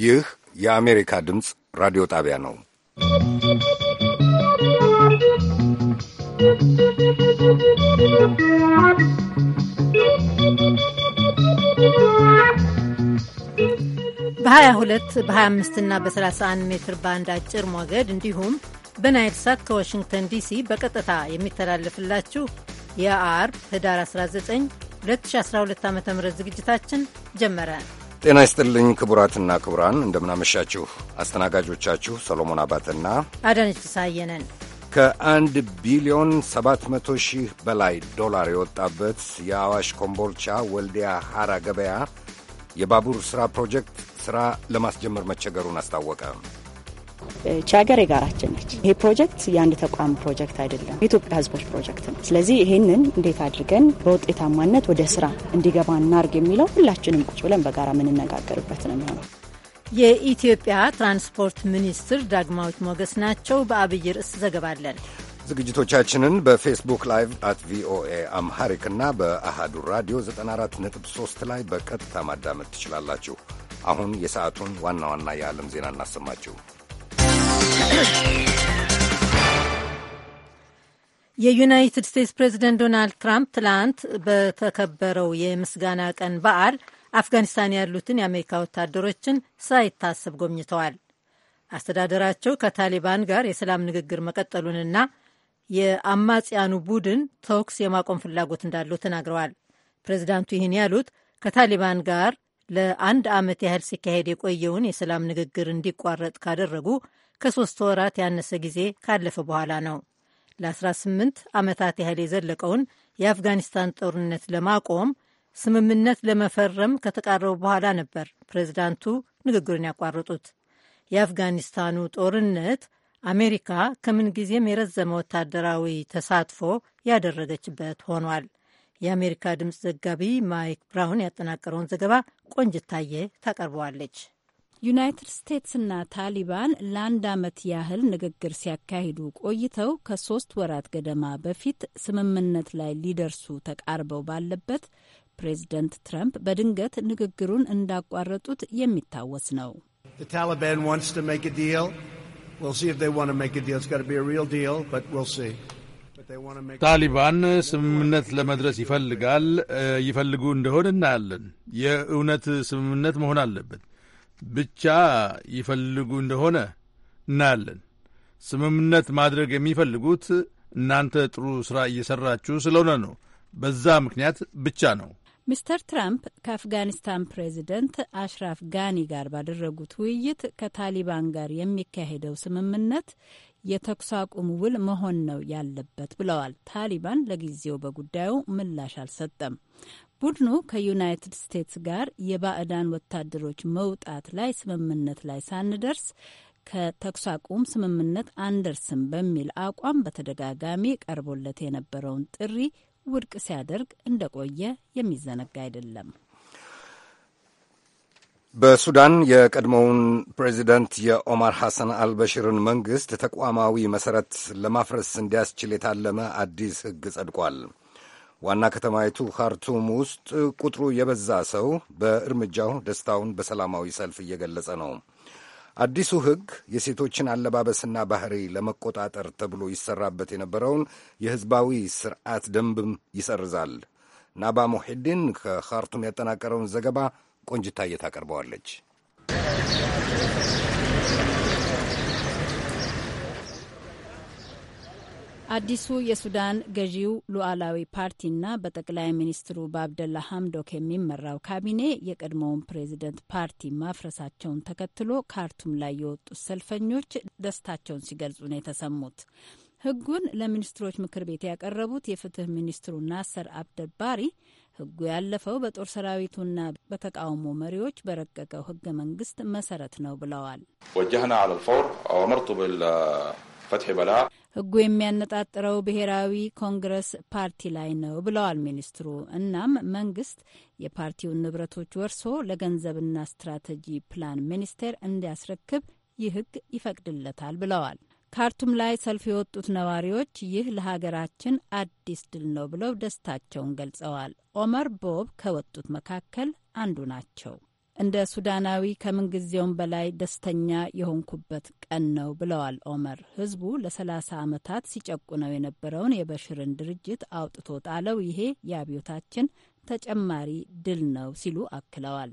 ይህ የአሜሪካ ድምፅ ራዲዮ ጣቢያ ነው። በ22 በ25 እና በ31 ሜትር ባንድ አጭር ሞገድ እንዲሁም በናይል ሳት ከዋሽንግተን ዲሲ በቀጥታ የሚተላለፍላችሁ የአርብ ህዳር 19 2012 ዓ ም ዝግጅታችን ጀመረ። ጤና ይስጥልኝ ክቡራትና ክቡራን፣ እንደምናመሻችሁ። አስተናጋጆቻችሁ ሰሎሞን አባትና አዳነች ሳየ ነን። ከአንድ ቢሊዮን 700 ሺህ በላይ ዶላር የወጣበት የአዋሽ ኮምቦልቻ ወልዲያ ሐራ ገበያ የባቡር ሥራ ፕሮጀክት ሥራ ለማስጀመር መቸገሩን አስታወቀ። እቺ ሀገር የጋራችን ነች። ይሄ ፕሮጀክት የአንድ ተቋም ፕሮጀክት አይደለም፣ የኢትዮጵያ ሕዝቦች ፕሮጀክት ነው። ስለዚህ ይህንን እንዴት አድርገን በውጤታማነት ወደ ስራ እንዲገባ እናርግ የሚለው ሁላችንም ቁጭ ብለን በጋራ የምንነጋገርበት ነው የሚሆነው። የኢትዮጵያ ትራንስፖርት ሚኒስትር ዳግማዊት ሞገስ ናቸው። በአብይ ርዕስ ዘገባለን። ዝግጅቶቻችንን በፌስቡክ ላይቭ አት ቪኦኤ አምሃሪክ እና በአሃዱ ራዲዮ 94.3 ላይ በቀጥታ ማዳመጥ ትችላላችሁ። አሁን የሰዓቱን ዋና ዋና የዓለም ዜና እናሰማችሁ። የዩናይትድ ስቴትስ ፕሬዚደንት ዶናልድ ትራምፕ ትላንት በተከበረው የምስጋና ቀን በዓል አፍጋኒስታን ያሉትን የአሜሪካ ወታደሮችን ሳይታሰብ ጎብኝተዋል። አስተዳደራቸው ከታሊባን ጋር የሰላም ንግግር መቀጠሉንና የአማጽያኑ ቡድን ተኩስ የማቆም ፍላጎት እንዳለው ተናግረዋል። ፕሬዚዳንቱ ይህን ያሉት ከታሊባን ጋር ለአንድ ዓመት ያህል ሲካሄድ የቆየውን የሰላም ንግግር እንዲቋረጥ ካደረጉ ከሶስት ወራት ያነሰ ጊዜ ካለፈ በኋላ ነው። ለ18 ዓመታት ያህል የዘለቀውን የአፍጋኒስታን ጦርነት ለማቆም ስምምነት ለመፈረም ከተቃረቡ በኋላ ነበር ፕሬዚዳንቱ ንግግሩን ያቋረጡት። የአፍጋኒስታኑ ጦርነት አሜሪካ ከምን ጊዜም የረዘመ ወታደራዊ ተሳትፎ ያደረገችበት ሆኗል። የአሜሪካ ድምፅ ዘጋቢ ማይክ ብራውን ያጠናቀረውን ዘገባ ቆንጅታየ ታቀርበዋለች። ዩናይትድ ስቴትስና ታሊባን ለአንድ ዓመት ያህል ንግግር ሲያካሂዱ ቆይተው ከሶስት ወራት ገደማ በፊት ስምምነት ላይ ሊደርሱ ተቃርበው ባለበት ፕሬዝደንት ትራምፕ በድንገት ንግግሩን እንዳቋረጡት የሚታወስ ነው። ታሊባን ስምምነት ለመድረስ ይፈልጋል። ይፈልጉ እንደሆን እናያለን። የእውነት ስምምነት መሆን አለበት። ብቻ ይፈልጉ እንደሆነ እናያለን። ስምምነት ማድረግ የሚፈልጉት እናንተ ጥሩ ሥራ እየሠራችሁ ስለሆነ ነው። በዛ ምክንያት ብቻ ነው። ሚስተር ትራምፕ ከአፍጋኒስታን ፕሬዚደንት አሽራፍ ጋኒ ጋር ባደረጉት ውይይት ከታሊባን ጋር የሚካሄደው ስምምነት የተኩስ አቁም ውል መሆን ነው ያለበት ብለዋል። ታሊባን ለጊዜው በጉዳዩ ምላሽ አልሰጠም። ቡድኑ ከዩናይትድ ስቴትስ ጋር የባዕዳን ወታደሮች መውጣት ላይ ስምምነት ላይ ሳንደርስ ከተኩስ አቁም ስምምነት አንደርስም በሚል አቋም በተደጋጋሚ ቀርቦለት የነበረውን ጥሪ ውድቅ ሲያደርግ እንደቆየ የሚዘነጋ አይደለም። በሱዳን የቀድሞውን ፕሬዚደንት የኦማር ሐሰን አልበሽርን መንግሥት ተቋማዊ መሠረት ለማፍረስ እንዲያስችል የታለመ አዲስ ሕግ ጸድቋል። ዋና ከተማይቱ ካርቱም ውስጥ ቁጥሩ የበዛ ሰው በእርምጃው ደስታውን በሰላማዊ ሰልፍ እየገለጸ ነው። አዲሱ ሕግ የሴቶችን አለባበስና ባህሪ ለመቆጣጠር ተብሎ ይሰራበት የነበረውን የሕዝባዊ ስርዓት ደንብም ይሰርዛል። ናባ ሙሒዲን ከካርቱም ያጠናቀረውን ዘገባ ቆንጅታየት አቀርበዋለች። አዲሱ የሱዳን ገዢው ሉዓላዊ ፓርቲና በጠቅላይ ሚኒስትሩ በአብደላ ሀምዶክ የሚመራው ካቢኔ የቀድሞውን ፕሬዚደንት ፓርቲ ማፍረሳቸውን ተከትሎ ካርቱም ላይ የወጡት ሰልፈኞች ደስታቸውን ሲገልጹ ነው የተሰሙት። ህጉን ለሚኒስትሮች ምክር ቤት ያቀረቡት የፍትህ ሚኒስትሩ ናሰር አብደባሪ ህጉ ያለፈው በጦር ሰራዊቱና በተቃውሞ መሪዎች በረቀቀው ህገ መንግስት መሰረት ነው ብለዋል። ወጀህና አመርቱ በላ ህጉ የሚያነጣጥረው ብሔራዊ ኮንግረስ ፓርቲ ላይ ነው ብለዋል ሚኒስትሩ። እናም መንግስት የፓርቲውን ንብረቶች ወርሶ ለገንዘብና ስትራቴጂ ፕላን ሚኒስቴር እንዲያስረክብ ይህ ህግ ይፈቅድለታል ብለዋል። ካርቱም ላይ ሰልፍ የወጡት ነዋሪዎች ይህ ለሀገራችን አዲስ ድል ነው ብለው ደስታቸውን ገልጸዋል። ኦመር ቦብ ከወጡት መካከል አንዱ ናቸው። እንደ ሱዳናዊ ከምንጊዜውም በላይ ደስተኛ የሆንኩበት ቀን ነው ብለዋል ኦመር። ህዝቡ ለሰላሳ ዓመታት ሲጨቁነው የነበረውን የበሽርን ድርጅት አውጥቶ ጣለው። ይሄ የአብዮታችን ተጨማሪ ድል ነው ሲሉ አክለዋል።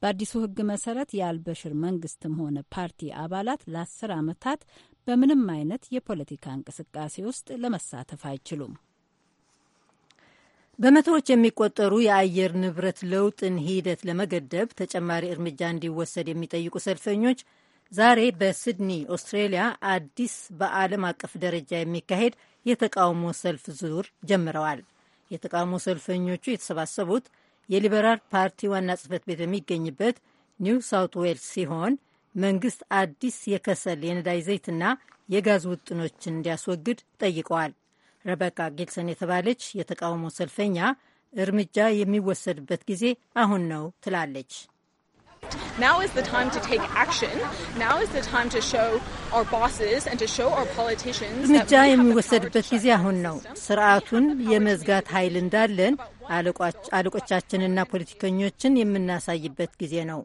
በአዲሱ ህግ መሰረት የአልበሽር መንግስትም ሆነ ፓርቲ አባላት ለአስር ዓመታት በምንም አይነት የፖለቲካ እንቅስቃሴ ውስጥ ለመሳተፍ አይችሉም። በመቶዎች የሚቆጠሩ የአየር ንብረት ለውጥን ሂደት ለመገደብ ተጨማሪ እርምጃ እንዲወሰድ የሚጠይቁ ሰልፈኞች ዛሬ በሲድኒ ኦስትሬሊያ አዲስ በዓለም አቀፍ ደረጃ የሚካሄድ የተቃውሞ ሰልፍ ዙር ጀምረዋል። የተቃውሞ ሰልፈኞቹ የተሰባሰቡት የሊበራል ፓርቲ ዋና ጽህፈት ቤት በሚገኝበት ኒው ሳውት ዌልስ ሲሆን መንግስት አዲስ የከሰል የነዳጅ ዘይትና የጋዝ ውጥኖችን እንዲያስወግድ ጠይቀዋል። ረበቃ ጊልሰን የተባለች የተቃውሞ ሰልፈኛ እርምጃ የሚወሰድበት ጊዜ አሁን ነው ትላለች። እርምጃ የሚወሰድበት ጊዜ አሁን ነው። ስርዓቱን የመዝጋት ኃይል እንዳለን አለቆቻችንና ፖለቲከኞችን የምናሳይበት ጊዜ ነው።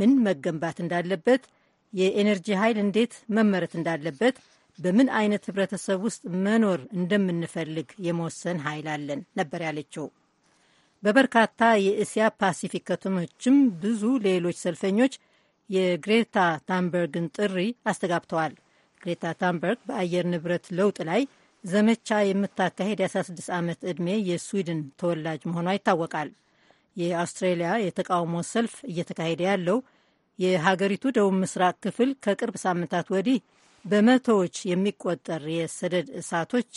ምን መገንባት እንዳለበት፣ የኤነርጂ ኃይል እንዴት መመረት እንዳለበት በምን አይነት ህብረተሰብ ውስጥ መኖር እንደምንፈልግ የመወሰን ኃይል አለን ነበር ያለችው። በበርካታ የእስያ ፓሲፊክ ከተሞችም ብዙ ሌሎች ሰልፈኞች የግሬታ ታምበርግን ጥሪ አስተጋብተዋል። ግሬታ ታምበርግ በአየር ንብረት ለውጥ ላይ ዘመቻ የምታካሄድ የ16 ዓመት ዕድሜ የስዊድን ተወላጅ መሆኗ ይታወቃል። የአውስትሬሊያ የተቃውሞ ሰልፍ እየተካሄደ ያለው የሀገሪቱ ደቡብ ምስራቅ ክፍል ከቅርብ ሳምንታት ወዲህ በመቶዎች የሚቆጠር የሰደድ እሳቶች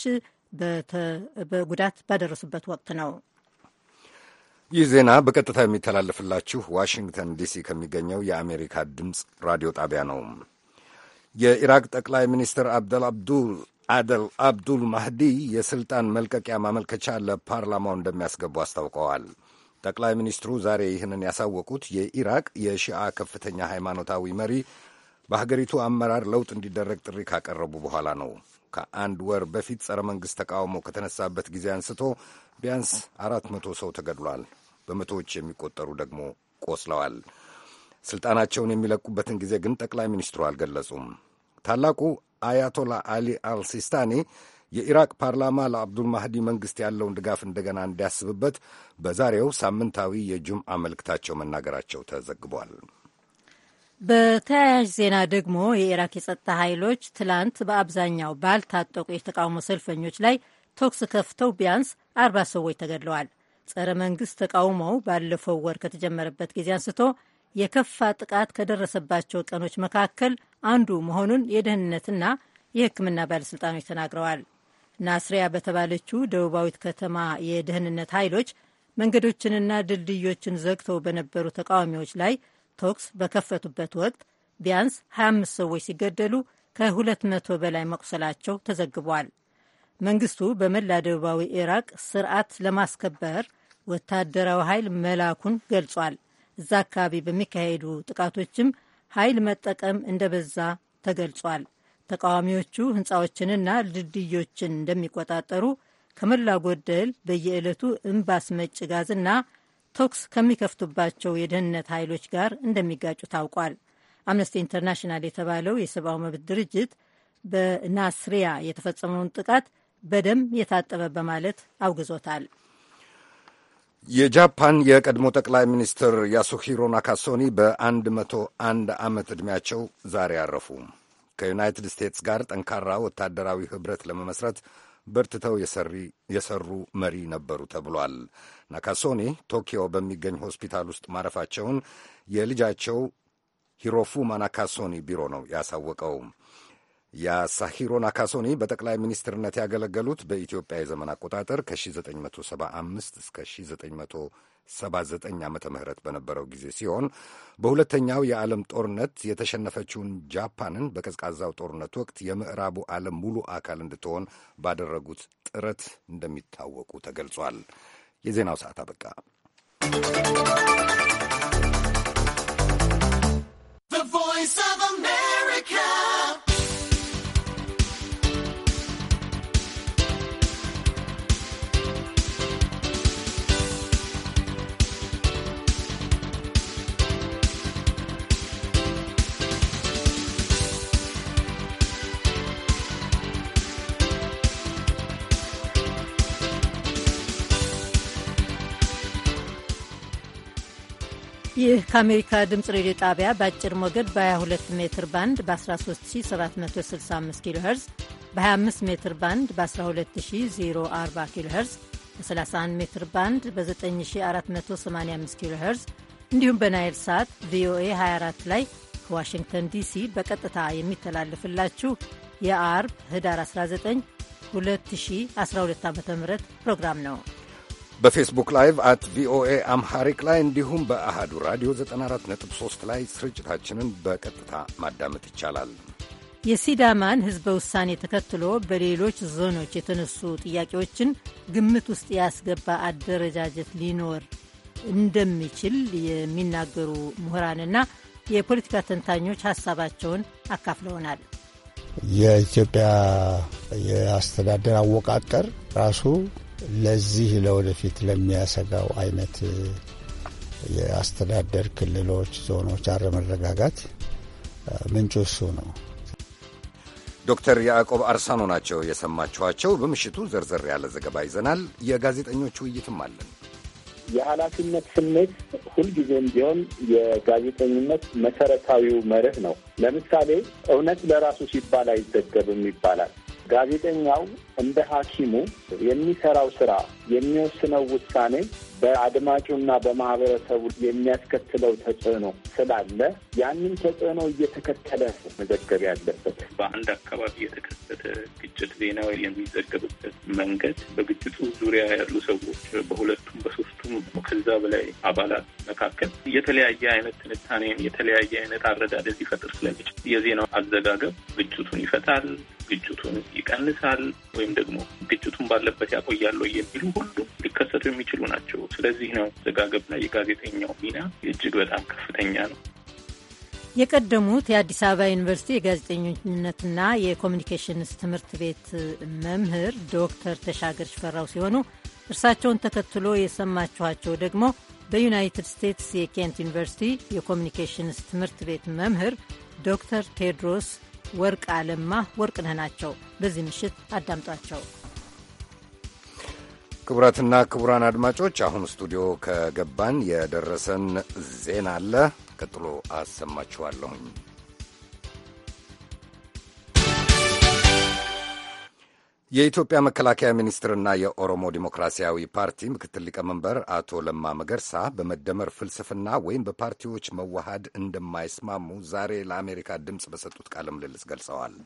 በጉዳት ባደረሱበት ወቅት ነው። ይህ ዜና በቀጥታ የሚተላለፍላችሁ ዋሽንግተን ዲሲ ከሚገኘው የአሜሪካ ድምፅ ራዲዮ ጣቢያ ነው። የኢራቅ ጠቅላይ ሚኒስትር አብደል አብዱል አደል አብዱል ማህዲ የሥልጣን መልቀቂያ ማመልከቻ ለፓርላማው እንደሚያስገቡ አስታውቀዋል። ጠቅላይ ሚኒስትሩ ዛሬ ይህንን ያሳወቁት የኢራቅ የሺአ ከፍተኛ ሃይማኖታዊ መሪ በሀገሪቱ አመራር ለውጥ እንዲደረግ ጥሪ ካቀረቡ በኋላ ነው። ከአንድ ወር በፊት ጸረ መንግሥት ተቃውሞ ከተነሳበት ጊዜ አንስቶ ቢያንስ አራት መቶ ሰው ተገድሏል። በመቶዎች የሚቆጠሩ ደግሞ ቆስለዋል። ስልጣናቸውን የሚለቁበትን ጊዜ ግን ጠቅላይ ሚኒስትሩ አልገለጹም። ታላቁ አያቶላ አሊ አልሲስታኒ የኢራቅ ፓርላማ ለአብዱል ማህዲ መንግሥት ያለውን ድጋፍ እንደገና እንዲያስብበት በዛሬው ሳምንታዊ የጁምዓ መልእክታቸው መናገራቸው ተዘግቧል። በተያያዥ ዜና ደግሞ የኢራቅ የጸጥታ ኃይሎች ትላንት በአብዛኛው ባልታጠቁ የተቃውሞ ሰልፈኞች ላይ ተኩስ ከፍተው ቢያንስ አርባ ሰዎች ተገድለዋል። ጸረ መንግስት ተቃውሞው ባለፈው ወር ከተጀመረበት ጊዜ አንስቶ የከፋ ጥቃት ከደረሰባቸው ቀኖች መካከል አንዱ መሆኑን የደህንነትና የሕክምና ባለሥልጣኖች ተናግረዋል። ናስሪያ በተባለችው ደቡባዊት ከተማ የደህንነት ኃይሎች መንገዶችንና ድልድዮችን ዘግተው በነበሩ ተቃዋሚዎች ላይ ተኩስ በከፈቱበት ወቅት ቢያንስ 25 ሰዎች ሲገደሉ ከ200 በላይ መቁሰላቸው ተዘግቧል። መንግስቱ በመላ ደቡባዊ ኢራቅ ስርዓት ለማስከበር ወታደራዊ ኃይል መላኩን ገልጿል። እዛ አካባቢ በሚካሄዱ ጥቃቶችም ኃይል መጠቀም እንደበዛ ተገልጿል። ተቃዋሚዎቹ ህንፃዎችንና ድልድዮችን እንደሚቆጣጠሩ ከመላ ጎደል በየዕለቱ እምባስ መጭ ጋዝና ተኩስ ከሚከፍቱባቸው የደህንነት ኃይሎች ጋር እንደሚጋጩ ታውቋል። አምነስቲ ኢንተርናሽናል የተባለው የሰብአዊ መብት ድርጅት በናስሪያ የተፈጸመውን ጥቃት በደም የታጠበ በማለት አውግዞታል። የጃፓን የቀድሞ ጠቅላይ ሚኒስትር ያሱሂሮ ናካሶኒ በአንድ መቶ አንድ ዓመት ዕድሜያቸው ዛሬ አረፉ። ከዩናይትድ ስቴትስ ጋር ጠንካራ ወታደራዊ ኅብረት ለመመስረት በርትተው የሰሩ መሪ ነበሩ ተብሏል። ናካሶኒ ቶኪዮ በሚገኝ ሆስፒታል ውስጥ ማረፋቸውን የልጃቸው ሂሮፉማ ናካሶኒ ቢሮ ነው ያሳወቀው። የሳሂሮ ናካሶኒ በጠቅላይ ሚኒስትርነት ያገለገሉት በኢትዮጵያ የዘመን አቆጣጠር ከ1975 እስከ 79 ዓ. ምህረት በነበረው ጊዜ ሲሆን በሁለተኛው የዓለም ጦርነት የተሸነፈችውን ጃፓንን በቀዝቃዛው ጦርነት ወቅት የምዕራቡ ዓለም ሙሉ አካል እንድትሆን ባደረጉት ጥረት እንደሚታወቁ ተገልጿል። የዜናው ሰዓት አበቃ። ቮይስ ኦፍ አሜሪካ ይህ ከአሜሪካ ድምፅ ሬዲዮ ጣቢያ በአጭር ሞገድ በ22 ሜትር ባንድ በ13765 ኪሎ ሄርዝ በ25 ሜትር ባንድ በ12040 ኪሎ ሄርዝ በ31 ሜትር ባንድ በ9485 ኪሎ ሄርዝ እንዲሁም በናይል ሳት ቪኦኤ 24 ላይ ከዋሽንግተን ዲሲ በቀጥታ የሚተላለፍላችሁ የአርብ ህዳር 19 2012 ዓ ም ፕሮግራም ነው። በፌስቡክ ላይቭ አት ቪኦኤ አምሐሪክ ላይ እንዲሁም በአሃዱ ራዲዮ 94.3 ላይ ስርጭታችንን በቀጥታ ማዳመጥ ይቻላል። የሲዳማን ሕዝበ ውሳኔ ተከትሎ በሌሎች ዞኖች የተነሱ ጥያቄዎችን ግምት ውስጥ ያስገባ አደረጃጀት ሊኖር እንደሚችል የሚናገሩ ምሁራንና የፖለቲካ ተንታኞች ሀሳባቸውን አካፍለውናል። የኢትዮጵያ የአስተዳደር አወቃቀር ራሱ ለዚህ ለወደፊት ለሚያሰጋው አይነት የአስተዳደር ክልሎች፣ ዞኖች አለመረጋጋት ምንጩ እሱ ነው። ዶክተር ያዕቆብ አርሳኖ ናቸው የሰማችኋቸው። በምሽቱ ዘርዘር ያለ ዘገባ ይዘናል። የጋዜጠኞች ውይይትም አለን። የኃላፊነት ስሜት ሁልጊዜም ቢሆን የጋዜጠኝነት መሰረታዊው መርህ ነው። ለምሳሌ እውነት ለራሱ ሲባል አይዘገብም ይባላል። ጋዜጠኛው እንደ ሐኪሙ የሚሰራው ስራ፣ የሚወስነው ውሳኔ በአድማጩና በማህበረሰቡ የሚያስከትለው ተጽዕኖ ስላለ ያንን ተጽዕኖ እየተከተለ መዘገብ ያለበት። በአንድ አካባቢ የተከሰተ ግጭት ዜናው የሚዘገብበት መንገድ በግጭቱ ዙሪያ ያሉ ሰዎች በሁለቱም በሶስቱም ከዛ በላይ አባላት መካከል የተለያየ አይነት ትንታኔ የተለያየ አይነት አረዳደር ሊፈጥር ስለሚችል የዜናው አዘጋገብ ግጭቱን ይፈታል ግጭቱን ይቀንሳል ወይም ደግሞ ግጭቱን ባለበት ያቆያል የሚሉ ሁሉ ሊከሰቱ የሚችሉ ናቸው። ስለዚህ ነው አዘጋገብ የጋዜጠኛው ሚና እጅግ በጣም ከፍተኛ ነው። የቀደሙት የአዲስ አበባ ዩኒቨርሲቲ የጋዜጠኝነትና የኮሚኒኬሽንስ ትምህርት ቤት መምህር ዶክተር ተሻገር ሽፈራው ሲሆኑ እርሳቸውን ተከትሎ የሰማችኋቸው ደግሞ በዩናይትድ ስቴትስ የኬንት ዩኒቨርሲቲ የኮሚኒኬሽንስ ትምህርት ቤት መምህር ዶክተር ቴድሮስ ወርቅ አለማ ወርቅነህ ናቸው። በዚህ ምሽት አዳምጧቸው። ክቡራትና ክቡራን አድማጮች አሁን ስቱዲዮ ከገባን የደረሰን ዜና አለ። ቀጥሎ አሰማችኋለሁኝ። የኢትዮጵያ መከላከያ ሚኒስትርና የኦሮሞ ዲሞክራሲያዊ ፓርቲ ምክትል ሊቀመንበር አቶ ለማ መገርሳ በመደመር ፍልስፍና ወይም በፓርቲዎች መዋሃድ እንደማይስማሙ ዛሬ ለአሜሪካ ድምፅ በሰጡት ቃለ ምልልስ ገልጸዋል።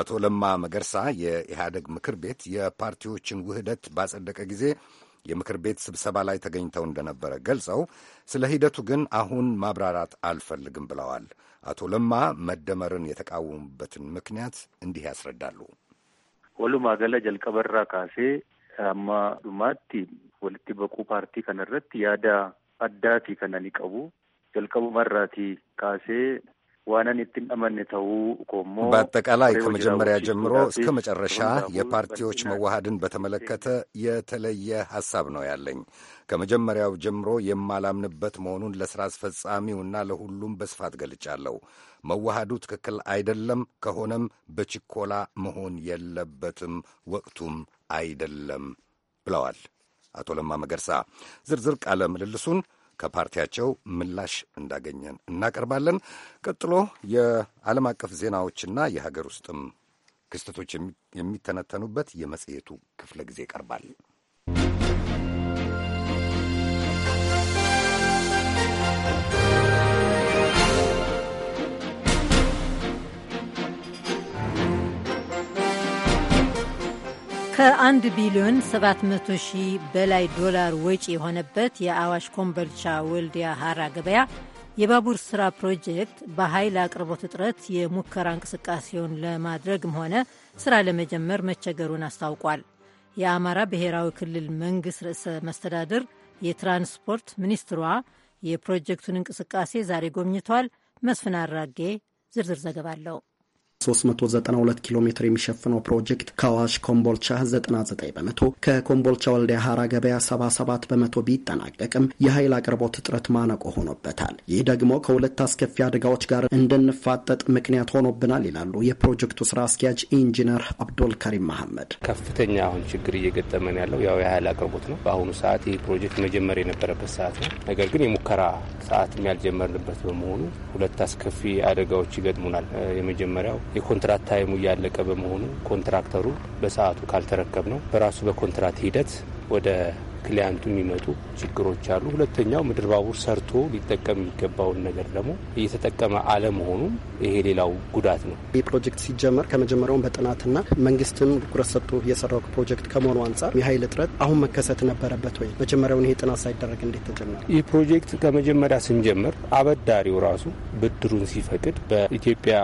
አቶ ለማ መገርሳ የኢህአደግ ምክር ቤት የፓርቲዎችን ውህደት ባጸደቀ ጊዜ የምክር ቤት ስብሰባ ላይ ተገኝተው እንደነበረ ገልጸው ስለ ሂደቱ ግን አሁን ማብራራት አልፈልግም ብለዋል። አቶ ለማ መደመርን የተቃወሙበትን ምክንያት እንዲህ ያስረዳሉ። ወሉማ ገለ ጀልቀበራ ካሴ አማ ዱማቲ ወልቲ በቁ ፓርቲ ከነረት ያዳ አዳቲ ከነኒ ቀቡ ጀልቀቡ መራቲ ካሴ ዋናን የትንአመን ኮሞ በአጠቃላይ ከመጀመሪያ ጀምሮ እስከ መጨረሻ የፓርቲዎች መዋሃድን በተመለከተ የተለየ ሐሳብ ነው ያለኝ። ከመጀመሪያው ጀምሮ የማላምንበት መሆኑን ለሥራ አስፈጻሚውና ለሁሉም በስፋት ገልጫለሁ። መዋሃዱ ትክክል አይደለም፣ ከሆነም በችኮላ መሆን የለበትም፣ ወቅቱም አይደለም ብለዋል አቶ ለማ መገርሳ። ዝርዝር ቃለ ምልልሱን ከፓርቲያቸው ምላሽ እንዳገኘን እናቀርባለን። ቀጥሎ የዓለም አቀፍ ዜናዎችና የሀገር ውስጥም ክስተቶች የሚተነተኑበት የመጽሔቱ ክፍለ ጊዜ ይቀርባል። ከአንድ ቢሊዮን 700 ሺህ በላይ ዶላር ወጪ የሆነበት የአዋሽ ኮምበልቻ ወልዲያ ሀራ ገበያ የባቡር ስራ ፕሮጀክት በኃይል አቅርቦት እጥረት የሙከራ እንቅስቃሴውን ለማድረግም ሆነ ስራ ለመጀመር መቸገሩን አስታውቋል። የአማራ ብሔራዊ ክልል መንግስት ርዕሰ መስተዳድር የትራንስፖርት ሚኒስትሯ የፕሮጀክቱን እንቅስቃሴ ዛሬ ጎብኝቷል። መስፍን አራጌ ዝርዝር ዘገባ አለው። 392 ኪሎ ሜትር የሚሸፍነው ፕሮጀክት ከአዋሽ ኮምቦልቻ 99 በመቶ ከኮምቦልቻ ወልዲያ ሀራ ገበያ 77 በመቶ ቢጠናቀቅም የኃይል አቅርቦት እጥረት ማነቆ ሆኖበታል። ይህ ደግሞ ከሁለት አስከፊ አደጋዎች ጋር እንድንፋጠጥ ምክንያት ሆኖብናል ይላሉ የፕሮጀክቱ ስራ አስኪያጅ ኢንጂነር አብዶል ከሪም መሐመድ። ከፍተኛ አሁን ችግር እየገጠመን ያለው ያው የኃይል አቅርቦት ነው። በአሁኑ ሰዓት ይህ ፕሮጀክት መጀመር የነበረበት ሰዓት ነው። ነገር ግን የሙከራ ሰዓትም ያልጀመርንበት በመሆኑ ሁለት አስከፊ አደጋዎች ይገጥሙናል። የመጀመሪያው የኮንትራት ታይሙ እያለቀ በመሆኑ ኮንትራክተሩ በሰዓቱ ካልተረከብ ነው በራሱ በኮንትራት ሂደት ወደ ክሊያንቱ የሚመጡ ችግሮች አሉ። ሁለተኛው ምድር ባቡር ሰርቶ ሊጠቀም የሚገባውን ነገር ደግሞ እየተጠቀመ አለመሆኑም ይሄ ሌላው ጉዳት ነው። ይህ ፕሮጀክት ሲጀመር ከመጀመሪያውን በጥናትና መንግስትም ትኩረት ሰጥቶ የሰራው ፕሮጀክት ከመሆኑ አንጻር የኃይል እጥረት አሁን መከሰት ነበረበት ወይ? መጀመሪያውን ይሄ ጥናት ሳይደረግ እንዴት ተጀመረ? ይህ ፕሮጀክት ከመጀመሪያ ስንጀምር አበዳሪው ራሱ ብድሩን ሲፈቅድ በኢትዮጵያ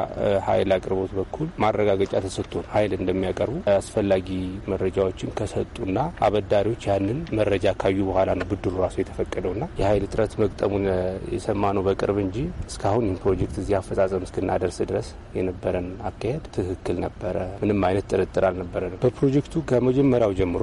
ኃይል አቅርቦት በኩል ማረጋገጫ ተሰጥቶ ኃይል እንደሚያቀርቡ አስፈላጊ መረጃዎችን ከሰጡና አበዳሪዎች ያንን መረጃ ካዩ በኋላ ነው ብድሩ ራሱ የተፈቀደውና የኃይል እጥረት መግጠሙን የሰማነው በቅርብ እንጂ እስካሁን ይህን ፕሮጀክት እዚህ አፈጻጸም እስክናደርስ ድረስ የነበረን አካሄድ ትክክል ነበረ። ምንም አይነት ጥርጥር አልነበረንም። በፕሮጀክቱ ከመጀመሪያው ጀምሮ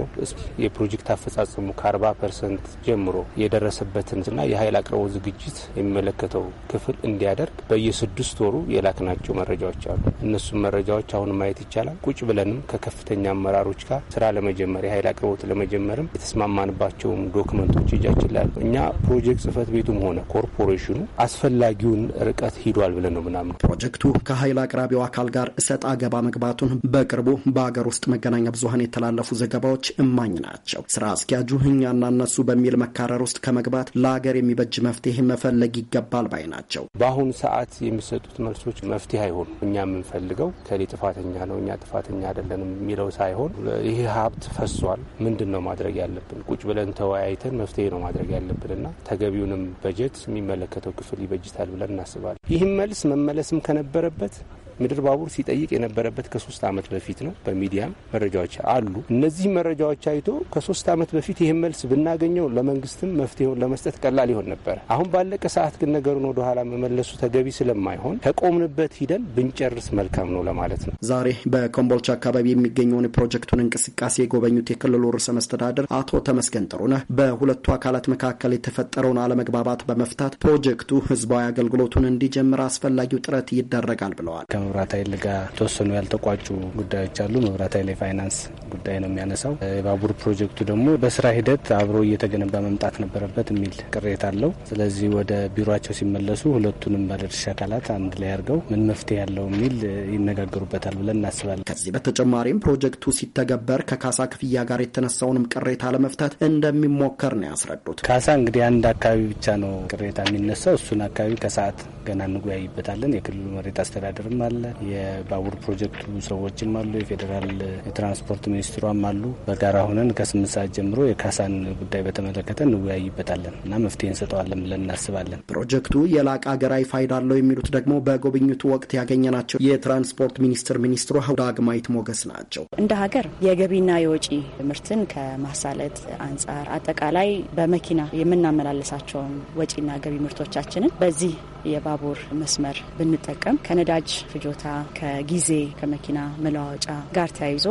የፕሮጀክት አፈጻጸሙ ከ40 ፐርሰንት ጀምሮ የደረሰበትንና የኃይል አቅርቦት ዝግጅት የሚመለከተው ክፍል እንዲያደርግ በየስድስት ወሩ የላክናቸው መረጃዎች አሉ። እነሱም መረጃዎች አሁን ማየት ይቻላል። ቁጭ ብለንም ከከፍተኛ አመራሮች ጋር ስራ ለመጀመር የኃይል አቅርቦት ለመጀመርም የተስማማን የምንሰራባቸውም ዶክመንቶች እጃችን ላይ እኛ ፕሮጀክት ጽህፈት ቤቱም ሆነ ኮርፖሬሽኑ አስፈላጊውን ርቀት ሂዷል ብለን ነው ምናምን። ፕሮጀክቱ ከኃይል አቅራቢው አካል ጋር እሰጥ አገባ መግባቱን በቅርቡ በሀገር ውስጥ መገናኛ ብዙሀን የተላለፉ ዘገባዎች እማኝ ናቸው። ስራ አስኪያጁ እኛና እነሱ በሚል መካረር ውስጥ ከመግባት ለሀገር የሚበጅ መፍትሄ መፈለግ ይገባል ባይ ናቸው። በአሁኑ ሰዓት የሚሰጡት መልሶች መፍትሄ አይሆኑ። እኛ የምንፈልገው ከሌ ጥፋተኛ ነው እኛ ጥፋተኛ አይደለንም የሚለው ሳይሆን ይህ ሀብት ፈሷል፣ ምንድን ነው ማድረግ ያለብን? ቁጭ ብለን ተወያይተን መፍትሄ ነው ማድረግ ያለብንና ተገቢውንም በጀት የሚመለከተው ክፍል ይበጅታል ብለን እናስባለን። ይህም መልስ መመለስም ከነበረበት ምድር ባቡር ሲጠይቅ የነበረበት ከሶስት ዓመት በፊት ነው። በሚዲያም መረጃዎች አሉ። እነዚህ መረጃዎች አይቶ ከሶስት ዓመት በፊት ይህን መልስ ብናገኘው ለመንግስትም መፍትሄውን ለመስጠት ቀላል ይሆን ነበር። አሁን ባለቀ ሰዓት ግን ነገሩን ወደኋላ መመለሱ ተገቢ ስለማይሆን ከቆምንበት ሂደን ብንጨርስ መልካም ነው ለማለት ነው። ዛሬ በኮምቦልቻ አካባቢ የሚገኘውን የፕሮጀክቱን እንቅስቃሴ የጎበኙት የክልሉ ርዕሰ መስተዳደር አቶ ተመስገን ጥሩነህ በሁለቱ አካላት መካከል የተፈጠረውን አለመግባባት በመፍታት ፕሮጀክቱ ህዝባዊ አገልግሎቱን እንዲጀምር አስፈላጊው ጥረት ይደረጋል ብለዋል። መብራት ኃይል ጋር የተወሰኑ ያልተቋጩ ጉዳዮች አሉ። መብራት ኃይል የፋይናንስ ጉዳይ ነው የሚያነሳው። የባቡር ፕሮጀክቱ ደግሞ በስራ ሂደት አብሮ እየተገነባ መምጣት ነበረበት የሚል ቅሬታ አለው። ስለዚህ ወደ ቢሮቸው ሲመለሱ ሁለቱንም ባለድርሻ አካላት አንድ ላይ አድርገው ምን መፍትሄ ያለው የሚል ይነጋገሩበታል ብለን እናስባለን። ከዚህ በተጨማሪም ፕሮጀክቱ ሲተገበር ከካሳ ክፍያ ጋር የተነሳውንም ቅሬታ ለመፍታት እንደሚሞከር ነው ያስረዱት። ካሳ እንግዲህ አንድ አካባቢ ብቻ ነው ቅሬታ የሚነሳው። እሱን አካባቢ ከሰዓት ገና እንጉያይበታለን። የክልሉ መሬት አስተዳደርም አለ አለ፣ የባቡር ፕሮጀክቱ ሰዎችም አሉ፣ የፌዴራል የትራንስፖርት ሚኒስትሯም አሉ። በጋራ ሆነን ከስምንት ሰዓት ጀምሮ የካሳን ጉዳይ በተመለከተ እንወያይበታለን እና መፍትሄ እንሰጠዋለን ብለን እናስባለን። ፕሮጀክቱ የላቀ ሀገራዊ ፋይዳ አለው የሚሉት ደግሞ በጉብኝቱ ወቅት ያገኘናቸው የትራንስፖርት ሚኒስትር ሚኒስትሩ ዳግማዊት ሞገስ ናቸው። እንደ ሀገር የገቢና የወጪ ምርትን ከማሳለጥ አንጻር አጠቃላይ በመኪና የምናመላለሳቸውን ወጪና ገቢ ምርቶቻችንን በዚህ የባቡር መስመር ብንጠቀም ከነዳጅ ፍጆታ ከጊዜ ከመኪና መለዋወጫ ጋር ተያይዞ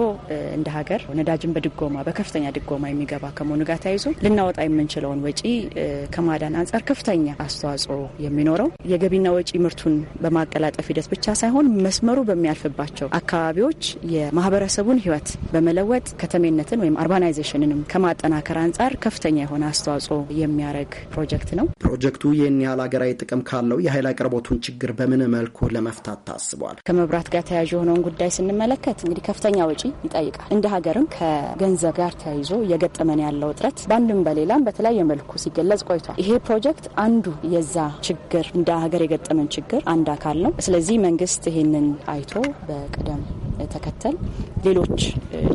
እንደ ሀገር ነዳጅን በድጎማ በከፍተኛ ድጎማ የሚገባ ከመሆኑ ጋር ተያይዞ ልናወጣ የምንችለውን ወጪ ከማዳን አንጻር ከፍተኛ አስተዋጽኦ የሚኖረው የገቢና ወጪ ምርቱን በማቀላጠፍ ሂደት ብቻ ሳይሆን መስመሩ በሚያልፍባቸው አካባቢዎች የማህበረሰቡን ሕይወት በመለወጥ ከተሜነትን ወይም አርባናይዜሽንንም ከማጠናከር አንጻር ከፍተኛ የሆነ አስተዋጽኦ የሚያደርግ ፕሮጀክት ነው። ፕሮጀክቱ ይህን ያህል ሀገራዊ ጥቅም ካለው ያለው የኃይል አቅርቦቱን ችግር በምን መልኩ ለመፍታት ታስቧል? ከመብራት ጋር ተያዥ የሆነውን ጉዳይ ስንመለከት እንግዲህ ከፍተኛ ወጪ ይጠይቃል። እንደ ሀገርም ከገንዘብ ጋር ተያይዞ እየገጠመን ያለው እጥረት በአንድም በሌላም በተለያየ መልኩ ሲገለጽ ቆይቷል። ይሄ ፕሮጀክት አንዱ የዛ ችግር እንደ ሀገር የገጠመን ችግር አንድ አካል ነው። ስለዚህ መንግስት ይህንን አይቶ በቅደም ተከተል ሌሎች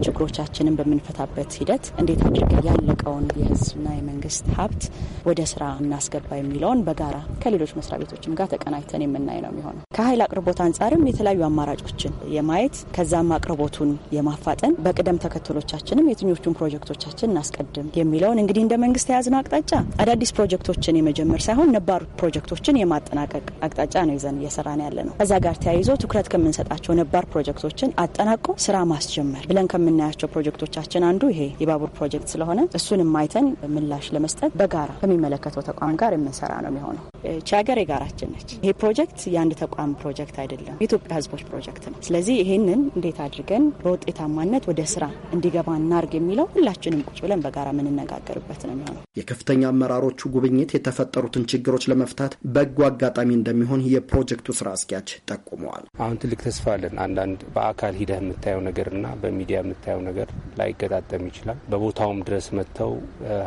ችግሮቻችንን በምንፈታበት ሂደት እንዴት አድርገ ያለቀውን የህዝብና የመንግስት ሀብት ወደ ስራ እናስገባ የሚለውን በጋራ ከሌሎች መስሪያ ድርጅቶችም ጋር ተቀናጅተን የምናይ ነው የሚሆነው። ከኃይል አቅርቦት አንጻርም የተለያዩ አማራጮችን የማየት ከዛም አቅርቦቱን የማፋጠን በቅደም ተከተሎቻችንም የትኞቹን ፕሮጀክቶቻችን እናስቀድም የሚለውን እንግዲህ እንደ መንግስት የያዝነው አቅጣጫ አዳዲስ ፕሮጀክቶችን የመጀመር ሳይሆን ነባር ፕሮጀክቶችን የማጠናቀቅ አቅጣጫ ነው ይዘን እየሰራን ያለ ነው። ከዛ ጋር ተያይዞ ትኩረት ከምንሰጣቸው ነባር ፕሮጀክቶችን አጠናቆ ስራ ማስጀመር ብለን ከምናያቸው ፕሮጀክቶቻችን አንዱ ይሄ የባቡር ፕሮጀክት ስለሆነ እሱንም አይተን ምላሽ ለመስጠት በጋራ ከሚመለከተው ተቋም ጋር የምንሰራ ነው የሚሆነው። ቻገሬ ጋር ሀገራችን ነች። ይሄ ፕሮጀክት የአንድ ተቋም ፕሮጀክት አይደለም፣ የኢትዮጵያ ህዝቦች ፕሮጀክት ነው። ስለዚህ ይሄንን እንዴት አድርገን በውጤታማነት ወደ ስራ እንዲገባ እናርግ የሚለው ሁላችንም ቁጭ ብለን በጋራ የምንነጋገርበት ነው የሚሆነው። የከፍተኛ አመራሮቹ ጉብኝት የተፈጠሩትን ችግሮች ለመፍታት በጎ አጋጣሚ እንደሚሆን የፕሮጀክቱ ስራ አስኪያጅ ጠቁመዋል። አሁን ትልቅ ተስፋ አለን። አንዳንድ በአካል ሂደህ የምታየው ነገርና በሚዲያ የምታየው ነገር ላይገጣጠም ይችላል። በቦታውም ድረስ መጥተው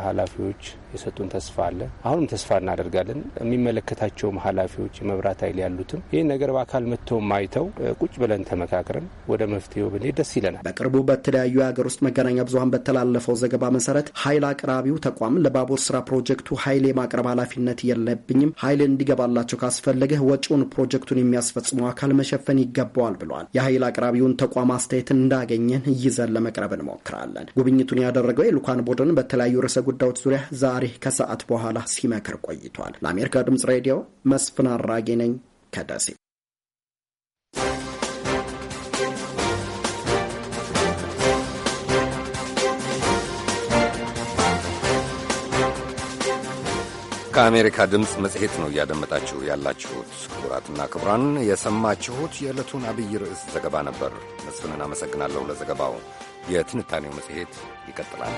ኃላፊዎች የሰጡን ተስፋ አለ። አሁንም ተስፋ እናደርጋለን። የሚመለከታቸውም ኃላፊዎች የመብራት ኃይል ያሉትም ይህን ነገር በአካል መጥተው አይተው ቁጭ ብለን ተመካክረን ወደ መፍትሄው ብንሄድ ደስ ይለናል። በቅርቡ በተለያዩ የሀገር ውስጥ መገናኛ ብዙሀን በተላለፈው ዘገባ መሰረት ኃይል አቅራቢው ተቋም ለባቡር ስራ ፕሮጀክቱ ኃይል የማቅረብ ኃላፊነት የለብኝም፣ ኃይል እንዲገባላቸው ካስፈለገ ወጪውን ፕሮጀክቱን የሚያስፈጽመው አካል መሸፈን ይገባዋል ብለዋል። የኃይል አቅራቢውን ተቋም አስተያየትን እንዳገኘን ይዘን ለመቅረብ እንሞክራለን። ጉብኝቱን ያደረገው የልኡካን ቡድን በተለያዩ ርዕሰ ጉዳዮች ዙሪያ ዛሬ ከሰዓት በኋላ ሲመክር ቆይቷል። ለአሜሪካ ድምጽ ሬዲዮ መስፍን አራጌ ነኝ ከደሴ። ከአሜሪካ ድምፅ መጽሔት ነው እያደመጣችሁ ያላችሁት። ክቡራትና ክቡራን የሰማችሁት የዕለቱን አብይ ርዕስ ዘገባ ነበር። መስፍንን አመሰግናለሁ ለዘገባው። የትንታኔው መጽሔት ይቀጥላል።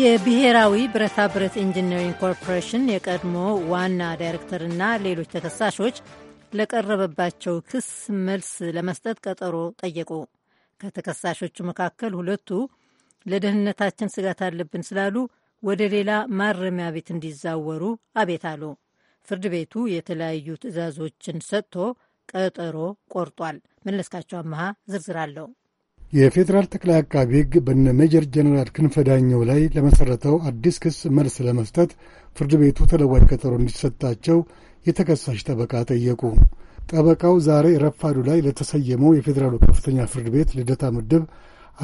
የብሔራዊ ብረታ ብረት ኢንጂነሪንግ ኮርፖሬሽን የቀድሞ ዋና ዳይሬክተርና ሌሎች ተከሳሾች ለቀረበባቸው ክስ መልስ ለመስጠት ቀጠሮ ጠየቁ። ከተከሳሾቹ መካከል ሁለቱ ለደህንነታችን ስጋት አለብን ስላሉ ወደ ሌላ ማረሚያ ቤት እንዲዛወሩ አቤት አሉ። ፍርድ ቤቱ የተለያዩ ትዕዛዞችን ሰጥቶ ቀጠሮ ቆርጧል። መለስካቸው አመሃ ዝርዝር አለው። የፌዴራል ጠቅላይ አቃቢ ሕግ በነ ሜጀር ጀኔራል ክንፈ ዳኘው ላይ ለመሠረተው አዲስ ክስ መልስ ለመስጠት ፍርድ ቤቱ ተለዋጭ ቀጠሮ እንዲሰጣቸው የተከሳሽ ጠበቃ ጠየቁ። ጠበቃው ዛሬ ረፋዱ ላይ ለተሰየመው የፌዴራሉ ከፍተኛ ፍርድ ቤት ልደታ ምድብ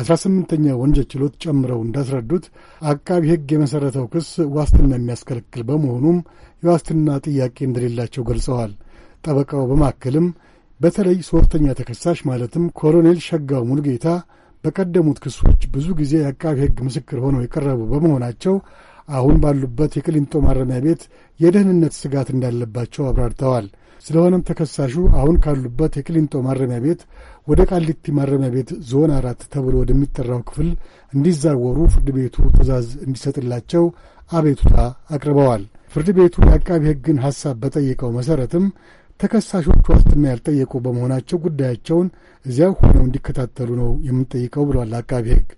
አስራ ስምንተኛ ወንጀል ችሎት ጨምረው እንዳስረዱት አቃቢ ሕግ የመሠረተው ክስ ዋስትና የሚያስከለክል በመሆኑም የዋስትና ጥያቄ እንደሌላቸው ገልጸዋል። ጠበቃው በማከልም በተለይ ሦስተኛ ተከሳሽ ማለትም ኮሎኔል ሸጋው ሙልጌታ በቀደሙት ክሶች ብዙ ጊዜ የአቃቢ ሕግ ምስክር ሆነው የቀረቡ በመሆናቸው አሁን ባሉበት የቅሊንጦ ማረሚያ ቤት የደህንነት ስጋት እንዳለባቸው አብራርተዋል። ስለሆነም ተከሳሹ አሁን ካሉበት የቅሊንጦ ማረሚያ ቤት ወደ ቃሊቲ ማረሚያ ቤት ዞን አራት ተብሎ ወደሚጠራው ክፍል እንዲዛወሩ ፍርድ ቤቱ ትዕዛዝ እንዲሰጥላቸው አቤቱታ አቅርበዋል። ፍርድ ቤቱ የአቃቢ ሕግን ሐሳብ በጠየቀው መሠረትም ተከሳሾቹ ዋስትና ያልጠየቁ በመሆናቸው ጉዳያቸውን እዚያው ሆነው እንዲከታተሉ ነው የምንጠይቀው ብሏል አቃቤ ሕግ።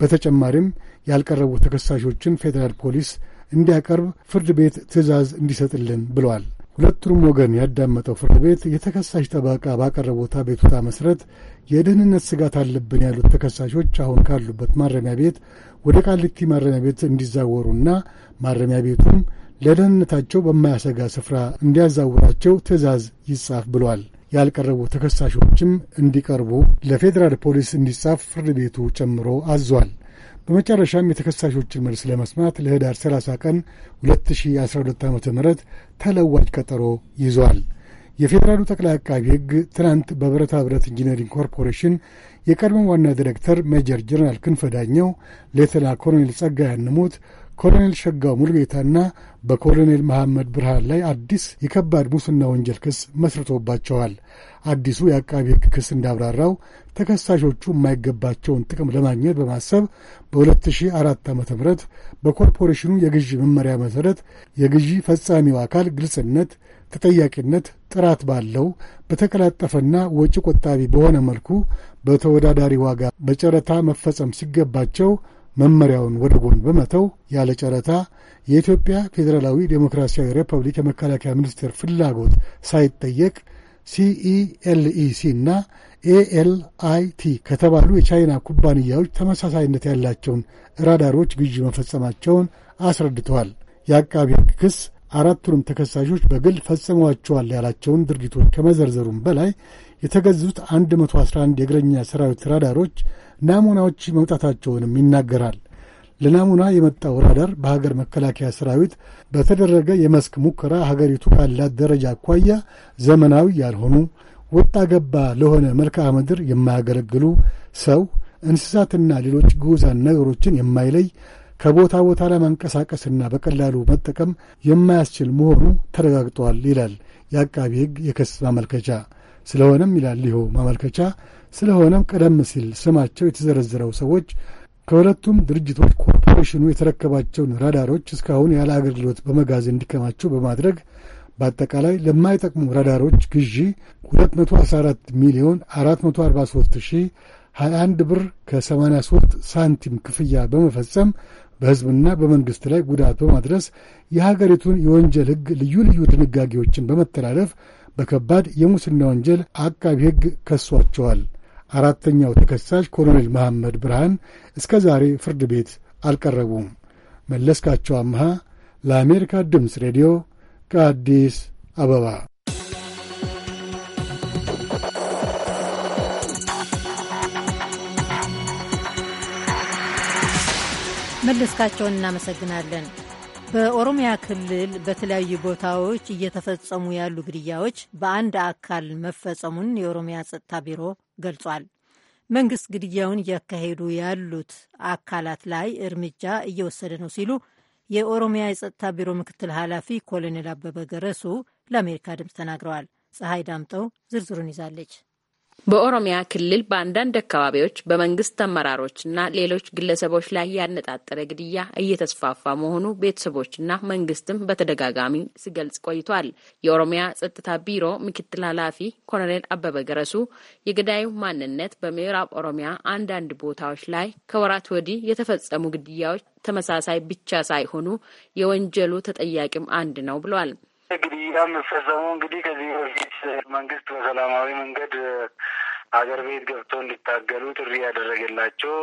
በተጨማሪም ያልቀረቡ ተከሳሾችን ፌዴራል ፖሊስ እንዲያቀርብ ፍርድ ቤት ትዕዛዝ እንዲሰጥልን ብለዋል። ሁለቱንም ወገን ያዳመጠው ፍርድ ቤት የተከሳሽ ጠበቃ ባቀረቡት አቤቱታ መሠረት የደህንነት ስጋት አለብን ያሉት ተከሳሾች አሁን ካሉበት ማረሚያ ቤት ወደ ቃሊቲ ማረሚያ ቤት እንዲዛወሩና ማረሚያ ቤቱም ለደህንነታቸው በማያሰጋ ስፍራ እንዲያዛውራቸው ትዕዛዝ ይጻፍ ብሏል። ያልቀረቡ ተከሳሾችም እንዲቀርቡ ለፌዴራል ፖሊስ እንዲጻፍ ፍርድ ቤቱ ጨምሮ አዟል። በመጨረሻም የተከሳሾችን መልስ ለመስማት ለህዳር 30 ቀን 2012 ዓ ም ተለዋጭ ቀጠሮ ይዟል። የፌዴራሉ ጠቅላይ አቃቢ ሕግ ትናንት በብረታ ብረት ኢንጂነሪንግ ኮርፖሬሽን የቀድሞ ዋና ዲሬክተር ሜጀር ጀነራል ክንፈ ዳኘው፣ ሌተና ኮሎኔል ጸጋ ያንሙት ኮሎኔል ሸጋው ሙልቤታና በኮሎኔል መሐመድ ብርሃን ላይ አዲስ የከባድ ሙስና ወንጀል ክስ መስርቶባቸዋል። አዲሱ የአቃቢ ሕግ ክስ እንዳብራራው ተከሳሾቹ የማይገባቸውን ጥቅም ለማግኘት በማሰብ በ2004 ዓ ም በኮርፖሬሽኑ የግዢ መመሪያ መሠረት የግዢ ፈጻሚው አካል ግልጽነት፣ ተጠያቂነት፣ ጥራት ባለው በተቀላጠፈና ወጪ ቆጣቢ በሆነ መልኩ በተወዳዳሪ ዋጋ በጨረታ መፈጸም ሲገባቸው መመሪያውን ወደ ጎን በመተው ያለ ጨረታ የኢትዮጵያ ፌዴራላዊ ዴሞክራሲያዊ ሪፐብሊክ የመከላከያ ሚኒስቴር ፍላጎት ሳይጠየቅ ሲኢኤልኢሲ እና ኤኤልአይቲ ከተባሉ የቻይና ኩባንያዎች ተመሳሳይነት ያላቸውን ራዳሮች ግዢ መፈጸማቸውን አስረድተዋል። የአቃቢ ሕግ ክስ አራቱንም ተከሳሾች በግል ፈጽመዋቸዋል ያላቸውን ድርጊቶች ከመዘርዘሩም በላይ የተገዙት 111 የእግረኛ ሰራዊት ራዳሮች ናሙናዎች መውጣታቸውንም ይናገራል። ለናሙና የመጣው ራዳር በሀገር መከላከያ ሰራዊት በተደረገ የመስክ ሙከራ ሀገሪቱ ካላት ደረጃ አኳያ ዘመናዊ ያልሆኑ ወጣ ገባ ለሆነ መልክዓ ምድር የማያገለግሉ ሰው፣ እንስሳትና ሌሎች ግዑዛን ነገሮችን የማይለይ ከቦታ ቦታ ለማንቀሳቀስና በቀላሉ መጠቀም የማያስችል መሆኑ ተረጋግጧል ይላል የአቃቢ ሕግ የክስ ማመልከቻ። ስለሆነም ይላል ይኸው ማመልከቻ፣ ስለሆነም ቀደም ሲል ስማቸው የተዘረዘረው ሰዎች ከሁለቱም ድርጅቶች ኮርፖሬሽኑ የተረከባቸውን ራዳሮች እስካሁን ያለ አገልግሎት በመጋዝ እንዲከማቸው በማድረግ በአጠቃላይ ለማይጠቅሙ ራዳሮች ግዢ 214 ሚሊዮን 443021 ብር ከ83 ሳንቲም ክፍያ በመፈጸም በሕዝብና በመንግሥት ላይ ጉዳት በማድረስ የሀገሪቱን የወንጀል ሕግ ልዩ ልዩ ድንጋጌዎችን በመተላለፍ በከባድ የሙስና ወንጀል አቃቢ ሕግ ከሷቸዋል። አራተኛው ተከሳሽ ኮሎኔል መሐመድ ብርሃን እስከ ዛሬ ፍርድ ቤት አልቀረቡም። መለስካቸው አምሃ ለአሜሪካ ድምፅ ሬዲዮ ከአዲስ አበባ መለስካቸውን እናመሰግናለን። በኦሮሚያ ክልል በተለያዩ ቦታዎች እየተፈጸሙ ያሉ ግድያዎች በአንድ አካል መፈጸሙን የኦሮሚያ ጸጥታ ቢሮ ገልጿል። መንግስት ግድያውን እያካሄዱ ያሉት አካላት ላይ እርምጃ እየወሰደ ነው ሲሉ የኦሮሚያ የጸጥታ ቢሮ ምክትል ኃላፊ ኮሎኔል አበበ ገረሱ ለአሜሪካ ድምፅ ተናግረዋል። ፀሐይ ዳምጠው ዝርዝሩን ይዛለች። በኦሮሚያ ክልል በአንዳንድ አካባቢዎች በመንግስት አመራሮችና ሌሎች ግለሰቦች ላይ ያነጣጠረ ግድያ እየተስፋፋ መሆኑ ቤተሰቦችና መንግስትም በተደጋጋሚ ሲገልጽ ቆይቷል። የኦሮሚያ ጸጥታ ቢሮ ምክትል ኃላፊ ኮሎኔል አበበ ገረሱ የገዳዩ ማንነት በምዕራብ ኦሮሚያ አንዳንድ ቦታዎች ላይ ከወራት ወዲህ የተፈጸሙ ግድያዎች ተመሳሳይ ብቻ ሳይሆኑ የወንጀሉ ተጠያቂም አንድ ነው ብሏል። ግድያ የሚፈጸመው እንግዲህ ከዚህ በፊት መንግስት በሰላማዊ መንገድ ሀገር ቤት ገብቶ እንዲታገሉ ጥሪ ያደረገላቸው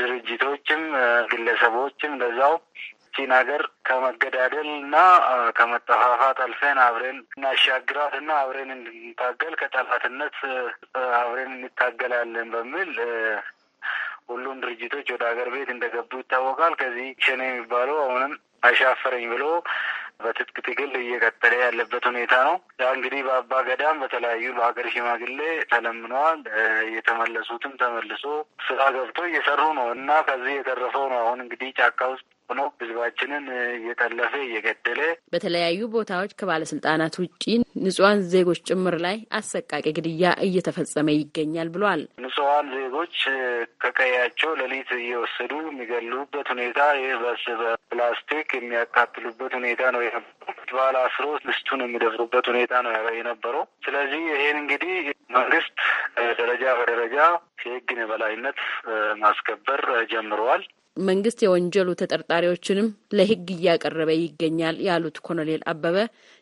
ድርጅቶችም ግለሰቦችም በዛው ይቺን ሀገር ከመገዳደል እና ከመጠፋፋት አልፈን አብረን እናሻግራት እና አብረን እንድንታገል ከጠላትነት አብረን እንታገላለን በሚል ሁሉም ድርጅቶች ወደ ሀገር ቤት እንደገቡ ይታወቃል። ከዚህ ሸኔ የሚባለው አሁንም አሻፈረኝ ብሎ በትጥቅ ትግል እየቀጠለ ያለበት ሁኔታ ነው። እንግዲህ በአባ ገዳም በተለያዩ በሀገር ሽማግሌ ተለምነዋል። የተመለሱትም ተመልሶ ስራ ገብቶ እየሰሩ ነው እና ከዚህ የተረፈው ነው አሁን እንግዲህ ጫካ ውስጥ ሆኖ ህዝባችንን እየጠለፈ እየገደለ በተለያዩ ቦታዎች ከባለስልጣናት ውጪ ንጹሐን ዜጎች ጭምር ላይ አሰቃቂ ግድያ እየተፈጸመ ይገኛል ብሏል። ንጹሐን ዜጎች ከቀያቸው ሌሊት እየወሰዱ የሚገሉበት ሁኔታ ይህ በፕላስቲክ የሚያቃጥሉበት ሁኔታ ነው ባል አስሮ ምስቱን የሚደፍሩበት ሁኔታ ነው የነበረው። ስለዚህ ይሄን እንግዲህ መንግስት ደረጃ በደረጃ የህግን የበላይነት ማስከበር ጀምረዋል። መንግስት የወንጀሉ ተጠርጣሪዎችንም ለህግ እያቀረበ ይገኛል ያሉት ኮሎኔል አበበ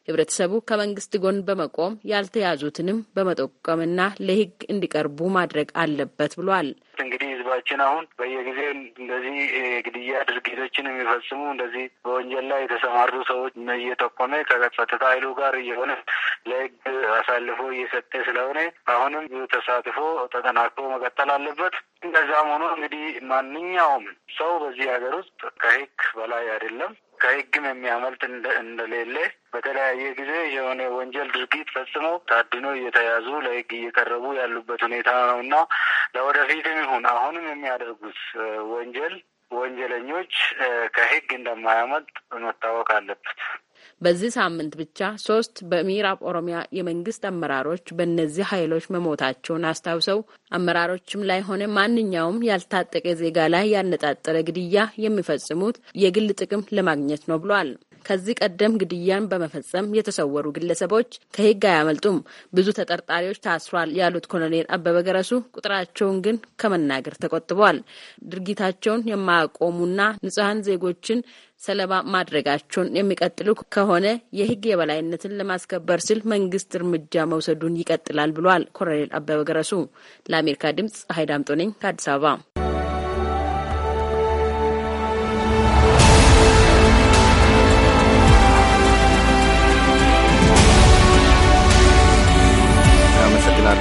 ህብረተሰቡ ከመንግስት ጎን በመቆም ያልተያዙትንም በመጠቆምና ለህግ እንዲቀርቡ ማድረግ አለበት ብሏል። እንግዲህ ህዝባችን አሁን በየጊዜው እንደዚህ ግድያ ድርጊቶችን የሚፈጽሙ እንደዚህ በወንጀል ላይ የተሰማሩ ሰዎች እየጠቆመ ከጸጥታ ኃይሉ ጋር እየሆነ ለህግ አሳልፎ እየሰጠ ስለሆነ አሁንም ተሳትፎ ተጠናክሮ መቀጠል አለበት። እንደዛም ሆኖ እንግዲህ ማንኛውም ሰው በዚህ ሀገር ውስጥ ከህግ በላይ አይደለም። ከህግም የሚያመልጥ እንደሌለ በተለያየ ጊዜ የሆነ ወንጀል ድርጊት ፈጽሞ ታድኖ እየተያዙ ለህግ እየቀረቡ ያሉበት ሁኔታ ነው እና ለወደፊትም ይሁን አሁንም የሚያደርጉት ወንጀል ወንጀለኞች ከህግ እንደማያመልጥ መታወቅ አለበት። በዚህ ሳምንት ብቻ ሶስት በምዕራብ ኦሮሚያ የመንግስት አመራሮች በእነዚህ ኃይሎች መሞታቸውን አስታውሰው አመራሮችም ላይ ሆነ ማንኛውም ያልታጠቀ ዜጋ ላይ ያነጣጠረ ግድያ የሚፈጽሙት የግል ጥቅም ለማግኘት ነው ብሏል። ከዚህ ቀደም ግድያን በመፈጸም የተሰወሩ ግለሰቦች ከህግ አያመልጡም። ብዙ ተጠርጣሪዎች ታስሯል ያሉት ኮሎኔል አበበ ገረሱ ቁጥራቸውን ግን ከመናገር ተቆጥበዋል። ድርጊታቸውን የማያቆሙና ንጹሐን ዜጎችን ሰለባ ማድረጋቸውን የሚቀጥሉ ከሆነ የህግ የበላይነትን ለማስከበር ሲል መንግስት እርምጃ መውሰዱን ይቀጥላል ብሏል ኮሎኔል አበበ ገረሱ። ለአሜሪካ ድምጽ ሀይዳምጦ ነኝ ከአዲስ አበባ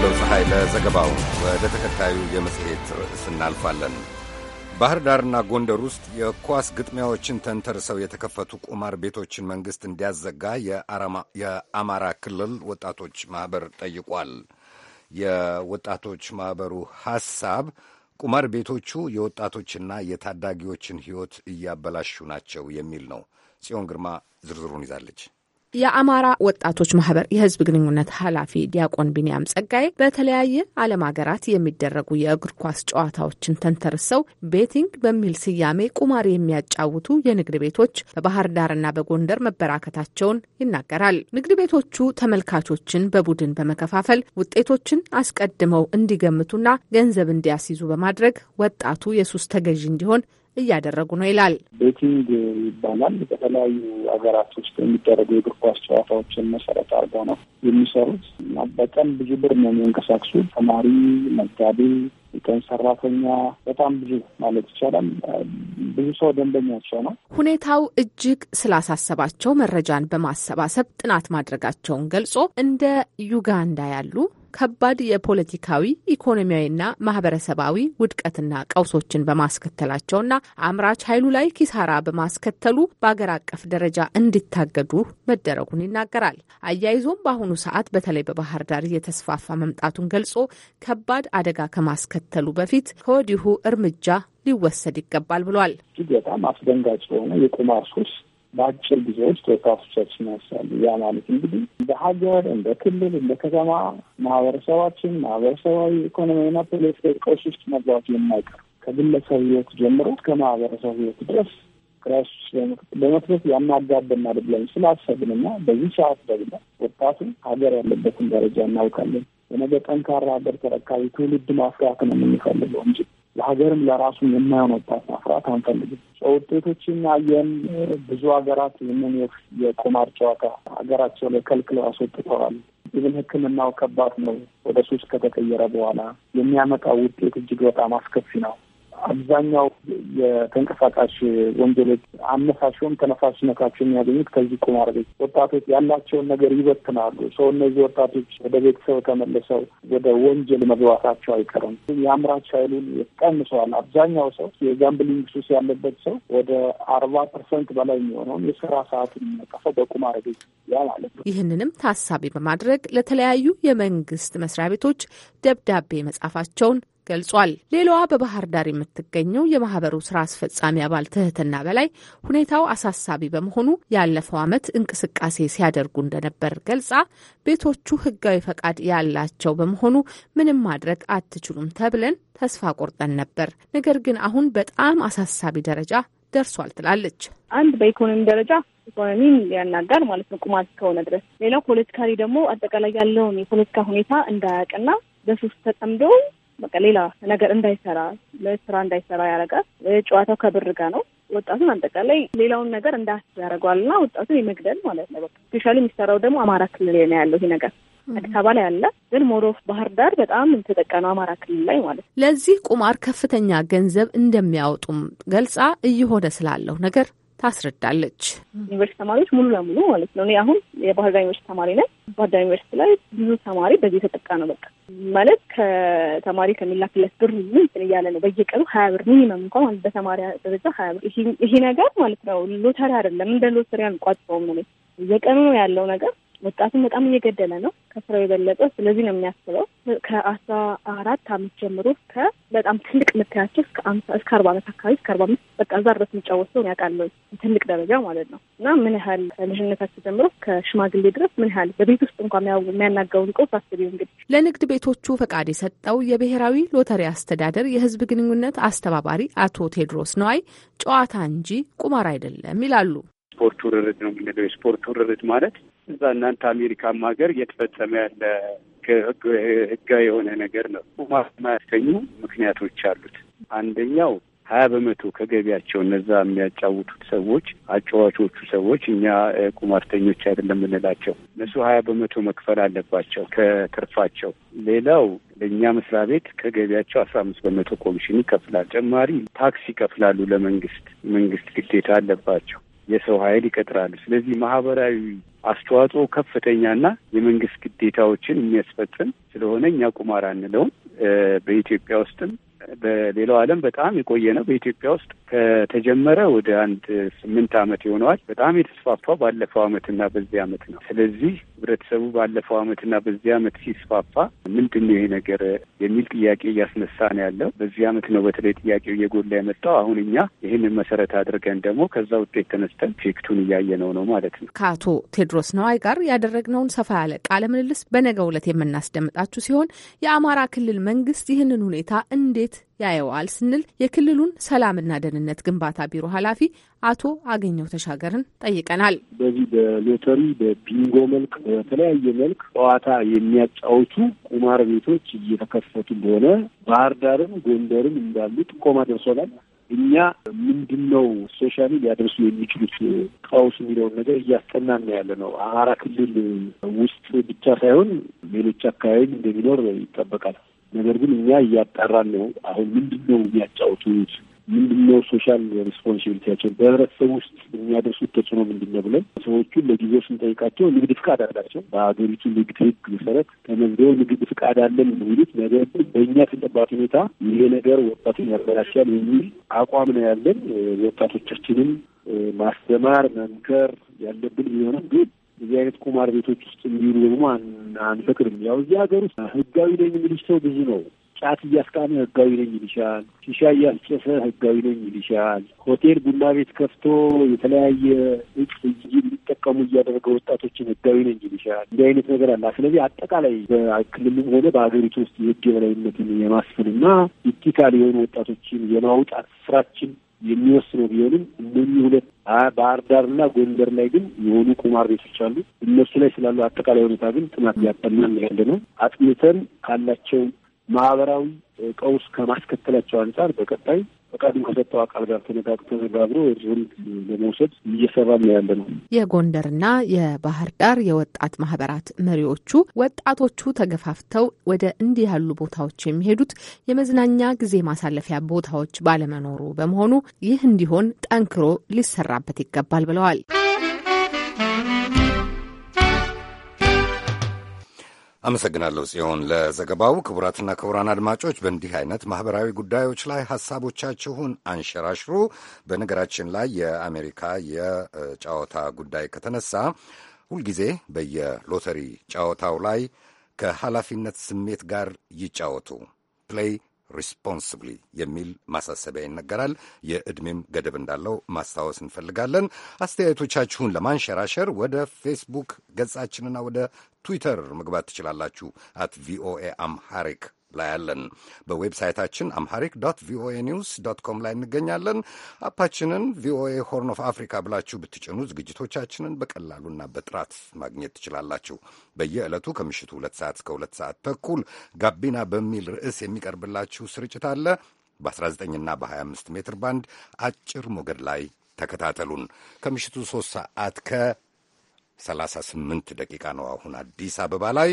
አመሰግናለሁ ፀሐይ ለዘገባው። ወደ ተከታዩ የመጽሔት ርዕስ እናልፋለን። ባህር ዳርና ጎንደር ውስጥ የኳስ ግጥሚያዎችን ተንተርሰው የተከፈቱ ቁማር ቤቶችን መንግሥት እንዲያዘጋ የአማራ ክልል ወጣቶች ማኅበር ጠይቋል። የወጣቶች ማኅበሩ ሐሳብ ቁማር ቤቶቹ የወጣቶችና የታዳጊዎችን ሕይወት እያበላሹ ናቸው የሚል ነው። ጽዮን ግርማ ዝርዝሩን ይዛለች። የአማራ ወጣቶች ማህበር የህዝብ ግንኙነት ኃላፊ ዲያቆን ቢንያም ጸጋይ በተለያየ ዓለም ሀገራት የሚደረጉ የእግር ኳስ ጨዋታዎችን ተንተርሰው ቤቲንግ በሚል ስያሜ ቁማር የሚያጫውቱ የንግድ ቤቶች በባህር ዳርና በጎንደር መበራከታቸውን ይናገራል። ንግድ ቤቶቹ ተመልካቾችን በቡድን በመከፋፈል ውጤቶችን አስቀድመው እንዲገምቱና ገንዘብ እንዲያስይዙ በማድረግ ወጣቱ የሱስ ተገዢ እንዲሆን እያደረጉ ነው ይላል። ቤቲንግ ይባላል። በተለያዩ ሀገራት ውስጥ የሚደረጉ የእግር ኳስ ጨዋታዎችን መሰረት አድርገው ነው የሚሰሩት በቀን ብዙ ብር ነው የሚንቀሳቅሱ ተማሪ፣ መጋቤ የቀን ሰራተኛ በጣም ብዙ ማለት ይቻላል ብዙ ሰው ደንበኛቸው ነው። ሁኔታው እጅግ ስላሳሰባቸው መረጃን በማሰባሰብ ጥናት ማድረጋቸውን ገልጾ እንደ ዩጋንዳ ያሉ ከባድ የፖለቲካዊ ኢኮኖሚያዊና ማህበረሰባዊ ውድቀትና ቀውሶችን በማስከተላቸውና አምራች ኃይሉ ላይ ኪሳራ በማስከተሉ በአገር አቀፍ ደረጃ እንዲታገዱ መደረጉን ይናገራል። አያይዞም በአሁኑ ሰዓት በተለይ በባህር ዳር እየተስፋፋ መምጣቱን ገልጾ ከባድ አደጋ ከማስከተሉ በፊት ከወዲሁ እርምጃ ሊወሰድ ይገባል ብሏል። እጅግ በጣም አስደንጋጭ የሆነ የቁማር ሱስ በአጭር ጊዜ ውስጥ ወጣቶቻችን ያሳሉ። ያ ማለት እንግዲህ እንደ ሀገር፣ እንደ ክልል፣ እንደ ከተማ ማህበረሰባችን ማህበረሰባዊ ኢኮኖሚና ፖለቲካዊ ቀውስ ውስጥ መግባት የማይቀር ከግለሰብ ህይወት ጀምሮ እስከ ማህበረሰብ ህይወት ድረስ ቀውስ በመክተት ያናጋብናል ብለን ስላሰብንና በዚህ ሰዓት ደግሞ ወጣቱ ሀገር ያለበትን ደረጃ እናውቃለን። የነገ ጠንካራ ሀገር ተረካቢ ትውልድ ማፍራት ነው የምንፈልገው እንጂ ለሀገርም ለራሱም የማይሆን ወጣት ማፍራት አንፈልግም። ውጤቶችን አየን። ብዙ ሀገራት ይህንን የቁማር ጨዋታ ሀገራቸው ላይ ከልክለው አስወጥተዋል። ይህን ሕክምናው ከባድ ነው። ወደ ሱስ ከተቀየረ በኋላ የሚያመጣው ውጤት እጅግ በጣም አስከፊ ነው። አብዛኛው የተንቀሳቃሽ ወንጀሎች አነሳሽውም ተነሳሽነታቸው የሚያገኙት ከዚህ ቁማር ቤት ወጣቶች ያላቸውን ነገር ይበትናሉ። ሰው እነዚህ ወጣቶች ወደ ቤተሰብ ተመልሰው ወደ ወንጀል መግባታቸው አይቀርም። የአምራች ኃይሉን ቀንሰዋል። አብዛኛው ሰው የጋምብሊንግ ሱስ ያለበት ሰው ወደ አርባ ፐርሰንት በላይ የሚሆነውን የስራ ሰዓት የሚነቀፈው በቁማር ቤት ያ ማለት ነው። ይህንንም ታሳቢ በማድረግ ለተለያዩ የመንግስት መስሪያ ቤቶች ደብዳቤ መጻፋቸውን ገልጿል። ሌላዋ በባህር ዳር የምትገኘው የማህበሩ ስራ አስፈጻሚ አባል ትህትና በላይ ሁኔታው አሳሳቢ በመሆኑ ያለፈው ዓመት እንቅስቃሴ ሲያደርጉ እንደነበር ገልጻ ቤቶቹ ህጋዊ ፈቃድ ያላቸው በመሆኑ ምንም ማድረግ አትችሉም ተብለን ተስፋ ቆርጠን ነበር። ነገር ግን አሁን በጣም አሳሳቢ ደረጃ ደርሷል ትላለች። አንድ በኢኮኖሚ ደረጃ ኢኮኖሚን ሊያናጋር ማለት ነው ቁማት ከሆነ ድረስ፣ ሌላው ፖለቲካሊ ደግሞ አጠቃላይ ያለውን የፖለቲካ ሁኔታ እንዳያውቅና በሱስ ተጠምዶ በቃ ሌላ ነገር እንዳይሰራ ስራ እንዳይሰራ ያደርጋል። ጨዋታው ከብር ጋር ነው። ወጣቱን አጠቃላይ ሌላውን ነገር እንዳያስብ ያደርገዋል እና ወጣቱን የመግደል ማለት ነው። በቃ ስፔሻሊ የሚሰራው ደግሞ አማራ ክልል ነው ያለው ይሄ ነገር አዲስ አበባ ላይ አለ፣ ግን ሞሮፍ ባህር ዳር በጣም ተጠቃ ነው አማራ ክልል ላይ ማለት ነው። ለዚህ ቁማር ከፍተኛ ገንዘብ እንደሚያወጡም ገልጻ እየሆነ ስላለው ነገር ታስረዳለች። ዩኒቨርሲቲ ተማሪዎች ሙሉ ለሙሉ ማለት ነው። እኔ አሁን የባህር ዳር ዩኒቨርሲቲ ተማሪ ነኝ። ባህር ዳር ዩኒቨርሲቲ ላይ ብዙ ተማሪ በዚህ የተጠቃ ነው። በቃ ማለት ከተማሪ ከሚላክለት ብር እንትን እያለ ነው። በየቀኑ ሀያ ብር ሚኒመም እንኳ ማለት በተማሪ ደረጃ ሀያ ብር። ይሄ ነገር ማለት ነው ሎተሪ አይደለም፣ እንደ ሎተሪ አንቋጥረውም ነው። በየቀኑ ነው ያለው ነገር ወጣቱን በጣም እየገደለ ነው ከስራው የበለጠ። ስለዚህ ነው የሚያስበው ከአስራ አራት አመት ጀምሮ እስከ በጣም ትልቅ ምታያቸው እስከ አምሳ እስከ አርባ አመት አካባቢ እስከ አርባ አምስት በቃ እዛ ድረስ የሚጫወት ሰውን ያውቃለሁ ትልቅ ደረጃ ማለት ነው። እና ምን ያህል ልጅነታቸው ጀምሮ ከሽማግሌ ድረስ ምን ያህል በቤት ውስጥ እንኳ የሚያናገውን ቀውስ አስቢው እንግዲህ። ለንግድ ቤቶቹ ፈቃድ የሰጠው የብሔራዊ ሎተሪ አስተዳደር የህዝብ ግንኙነት አስተባባሪ አቶ ቴድሮስ ነዋይ ጨዋታ እንጂ ቁማር አይደለም ይላሉ። ስፖርት ውርርድ ነው የምንለው። የስፖርት ውርርድ ማለት እዛ እናንተ አሜሪካም ሀገር እየተፈጸመ ያለ ህጋዊ የሆነ ነገር ነው። ማያሰኙ ምክንያቶች አሉት። አንደኛው ሀያ በመቶ ከገቢያቸው እነዛ የሚያጫውቱት ሰዎች አጫዋቾቹ ሰዎች እኛ ቁማርተኞች አይደለም የምንላቸው እነሱ ሀያ በመቶ መክፈል አለባቸው ከትርፋቸው። ሌላው ለእኛ መስሪያ ቤት ከገቢያቸው አስራ አምስት በመቶ ኮሚሽን ይከፍላል። ተጨማሪ ታክስ ይከፍላሉ ለመንግስት። መንግስት ግዴታ አለባቸው። የሰው ኃይል ይቀጥራሉ። ስለዚህ ማህበራዊ አስተዋጽኦ ከፍተኛና የመንግስት ግዴታዎችን የሚያስፈጽም ስለሆነ እኛ ቁማር አንለውም። በኢትዮጵያ ውስጥም በሌላው ዓለም በጣም የቆየ ነው። በኢትዮጵያ ውስጥ ከተጀመረ ወደ አንድ ስምንት ዓመት ይሆነዋል። በጣም የተስፋፋው ባለፈው ዓመትና በዚህ ዓመት ነው። ስለዚህ ህብረተሰቡ ባለፈው ዓመትና በዚህ ዓመት ሲስፋፋ ምንድን ነው ይሄ ነገር የሚል ጥያቄ እያስነሳ ነው ያለው። በዚህ ዓመት ነው በተለይ ጥያቄው እየጎላ የመጣው። አሁን እኛ ይህንን መሰረት አድርገን ደግሞ ከዛ ውጤት ተነስተን ፌክቱን እያየነው ነው ማለት ነው። ከአቶ ቴድሮስ ነዋይ ጋር ያደረግነውን ሰፋ ያለ ቃለ ምልልስ በነገ ዕለት የምናስደምጣችሁ ሲሆን የአማራ ክልል መንግስት ይህንን ሁኔታ እንዴት በቅርበት ያየዋል ስንል የክልሉን ሰላምና ደህንነት ግንባታ ቢሮ ኃላፊ አቶ አገኘው ተሻገርን ጠይቀናል። በዚህ በሎተሪ በቢንጎ መልክ በተለያየ መልክ ጨዋታ የሚያጫወቱ ቁማር ቤቶች እየተከፈቱ እንደሆነ ባህር ዳርም ጎንደርም እንዳሉ ጥቆማ ደርሶናል። እኛ ምንድን ነው ሶሻሊ ሊያደርሱ የሚችሉት ቀውስ የሚለውን ነገር እያስጠናን ያለ ነው። አማራ ክልል ውስጥ ብቻ ሳይሆን ሌሎች አካባቢ እንደሚኖር ይጠበቃል። ነገር ግን እኛ እያጣራን ነው። አሁን ምንድን ነው የሚያጫወቱት? ምንድን ነው ሶሻል ሪስፖንሲቢሊቲያቸው በህብረተሰብ ውስጥ የሚያደርሱት ተጽዕኖ ምንድን ነው ብለን ሰዎቹን ለጊዜው ስንጠይቃቸው ንግድ ፍቃድ አላቸው። በሀገሪቱ ንግድ ህግ መሰረት ተመዝገበው ንግድ ፍቃድ አለን የሚሉት ነገር ግን በእኛ ተጨባጭ ሁኔታ ይሄ ነገር ወጣቱን ያበላሻል የሚል አቋም ነው ያለን። ወጣቶቻችንም ማስተማር መምከር ያለብን ቢሆንም ግን እዚህ አይነት ቁማር ቤቶች ውስጥ እንዲሉ ደግሞ አንፈቅድም። ያው እዚህ ሀገር ውስጥ ህጋዊ ነኝ የሚልሽ ሰው ብዙ ነው። ጫት እያስቃመ ህጋዊ ነኝ ይልሻል። ሺሻ እያስጨሰ ህጋዊ ነኝ ይልሻል። ሆቴል፣ ቡና ቤት ከፍቶ የተለያየ እጽ እንዲጠቀሙ እያደረገ ወጣቶችን ህጋዊ ነኝ ይልሻል። እንዲህ አይነት ነገር አለ። ስለዚህ አጠቃላይ በክልልም ሆነ በሀገሪቱ ውስጥ የህግ የበላይነትን የማስፈን የማስፈንና ኢቲካል የሆኑ ወጣቶችን የማውጣት ስራችን የሚወስነው ቢሆንም እነዚህ ሁለት ባህር ዳርና ጎንደር ላይ ግን የሆኑ ቁማር ቤቶች አሉ። እነሱ ላይ ስላሉ አጠቃላይ ሁኔታ ግን ጥናት እያጠናን ያለ ነው። አጥንተን ካላቸው ማህበራዊ ቀውስ ከማስከተላቸው አንጻር በቀጣይ ፈቃድም ከሰጠው አካል ጋር ተነጋግቶ ተነጋግሮ እርሱን ለመውሰድ እየሰራ ነው ያለ ነው። የጎንደርና የባህር ዳር የወጣት ማህበራት መሪዎቹ ወጣቶቹ ተገፋፍተው ወደ እንዲህ ያሉ ቦታዎች የሚሄዱት የመዝናኛ ጊዜ ማሳለፊያ ቦታዎች ባለመኖሩ በመሆኑ ይህ እንዲሆን ጠንክሮ ሊሰራበት ይገባል ብለዋል። አመሰግናለሁ ጽዮን ለዘገባው። ክቡራትና ክቡራን አድማጮች በእንዲህ አይነት ማህበራዊ ጉዳዮች ላይ ሀሳቦቻችሁን አንሸራሽሩ። በነገራችን ላይ የአሜሪካ የጨዋታ ጉዳይ ከተነሳ ሁልጊዜ በየሎተሪ ጨዋታው ላይ ከኃላፊነት ስሜት ጋር ይጫወቱ። ፕሌይ ሪስፖንስብሊ የሚል ማሳሰቢያ ይነገራል። የዕድሜም ገደብ እንዳለው ማስታወስ እንፈልጋለን። አስተያየቶቻችሁን ለማንሸራሸር ወደ ፌስቡክ ገጻችንና ወደ ትዊተር መግባት ትችላላችሁ። አት ቪኦኤ አምሃሪክ ላይ አለን። በዌብሳይታችን አምሐሪክ ዶት ቪኦኤ ኒውስ ዶት ኮም ላይ እንገኛለን። አፓችንን ቪኦኤ ሆርን ኦፍ አፍሪካ ብላችሁ ብትጭኑ ዝግጅቶቻችንን በቀላሉና በጥራት ማግኘት ትችላላችሁ። በየዕለቱ ከምሽቱ ሁለት ሰዓት እስከ ሁለት ሰዓት ተኩል ጋቢና በሚል ርዕስ የሚቀርብላችሁ ስርጭት አለ። በ19ና በ25 ሜትር ባንድ አጭር ሞገድ ላይ ተከታተሉን። ከምሽቱ 3 ሰዓት ከ38 ደቂቃ ነው አሁን አዲስ አበባ ላይ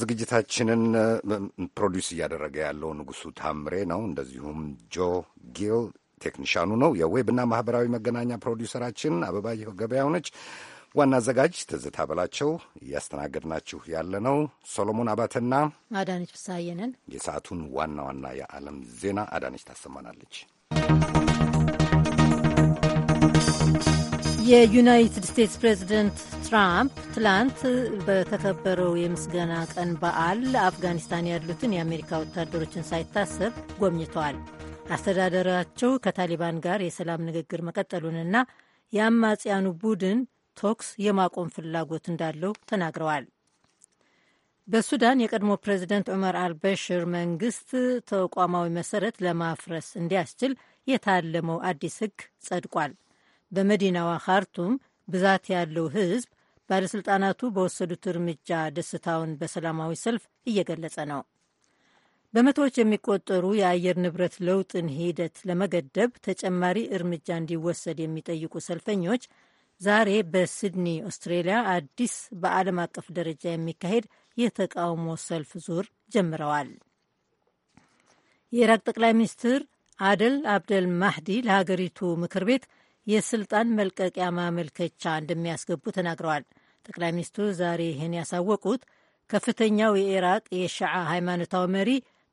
ዝግጅታችንን ፕሮዲውስ እያደረገ ያለው ንጉሱ ታምሬ ነው። እንደዚሁም ጆ ጊል ቴክኒሻኑ ነው። የዌብና ማህበራዊ መገናኛ ፕሮዲውሰራችን አበባየሁ ገበያው ነች። ዋና አዘጋጅ ትዝታ በላቸው። እያስተናገድናችሁ ያለ ነው ሶሎሞን አባተና አዳነች ፍስሐየንን። የሰዓቱን ዋና ዋና የዓለም ዜና አዳነች ታሰማናለች። የዩናይትድ ስቴትስ ፕሬዝደንት ትራምፕ ትላንት በተከበረው የምስጋና ቀን በዓል አፍጋኒስታን ያሉትን የአሜሪካ ወታደሮችን ሳይታሰብ ጎብኝተዋል። አስተዳደራቸው ከታሊባን ጋር የሰላም ንግግር መቀጠሉንና የአማጽያኑ ቡድን ቶክስ የማቆም ፍላጎት እንዳለው ተናግረዋል። በሱዳን የቀድሞ ፕሬዝደንት ዑመር አልበሽር መንግስት ተቋማዊ መሰረት ለማፍረስ እንዲያስችል የታለመው አዲስ ህግ ጸድቋል። በመዲናዋ ካርቱም ብዛት ያለው ሕዝብ ባለሥልጣናቱ በወሰዱት እርምጃ ደስታውን በሰላማዊ ሰልፍ እየገለጸ ነው። በመቶዎች የሚቆጠሩ የአየር ንብረት ለውጥን ሂደት ለመገደብ ተጨማሪ እርምጃ እንዲወሰድ የሚጠይቁ ሰልፈኞች ዛሬ በሲድኒ ኦስትሬሊያ፣ አዲስ በዓለም አቀፍ ደረጃ የሚካሄድ የተቃውሞ ሰልፍ ዙር ጀምረዋል። የኢራቅ ጠቅላይ ሚኒስትር አደል አብደል ማህዲ ለሀገሪቱ ምክር ቤት የስልጣን መልቀቂያ ማመልከቻ እንደሚያስገቡ ተናግረዋል። ጠቅላይ ሚኒስትሩ ዛሬ ይህን ያሳወቁት ከፍተኛው የኢራቅ የሻዓ ሃይማኖታዊ መሪ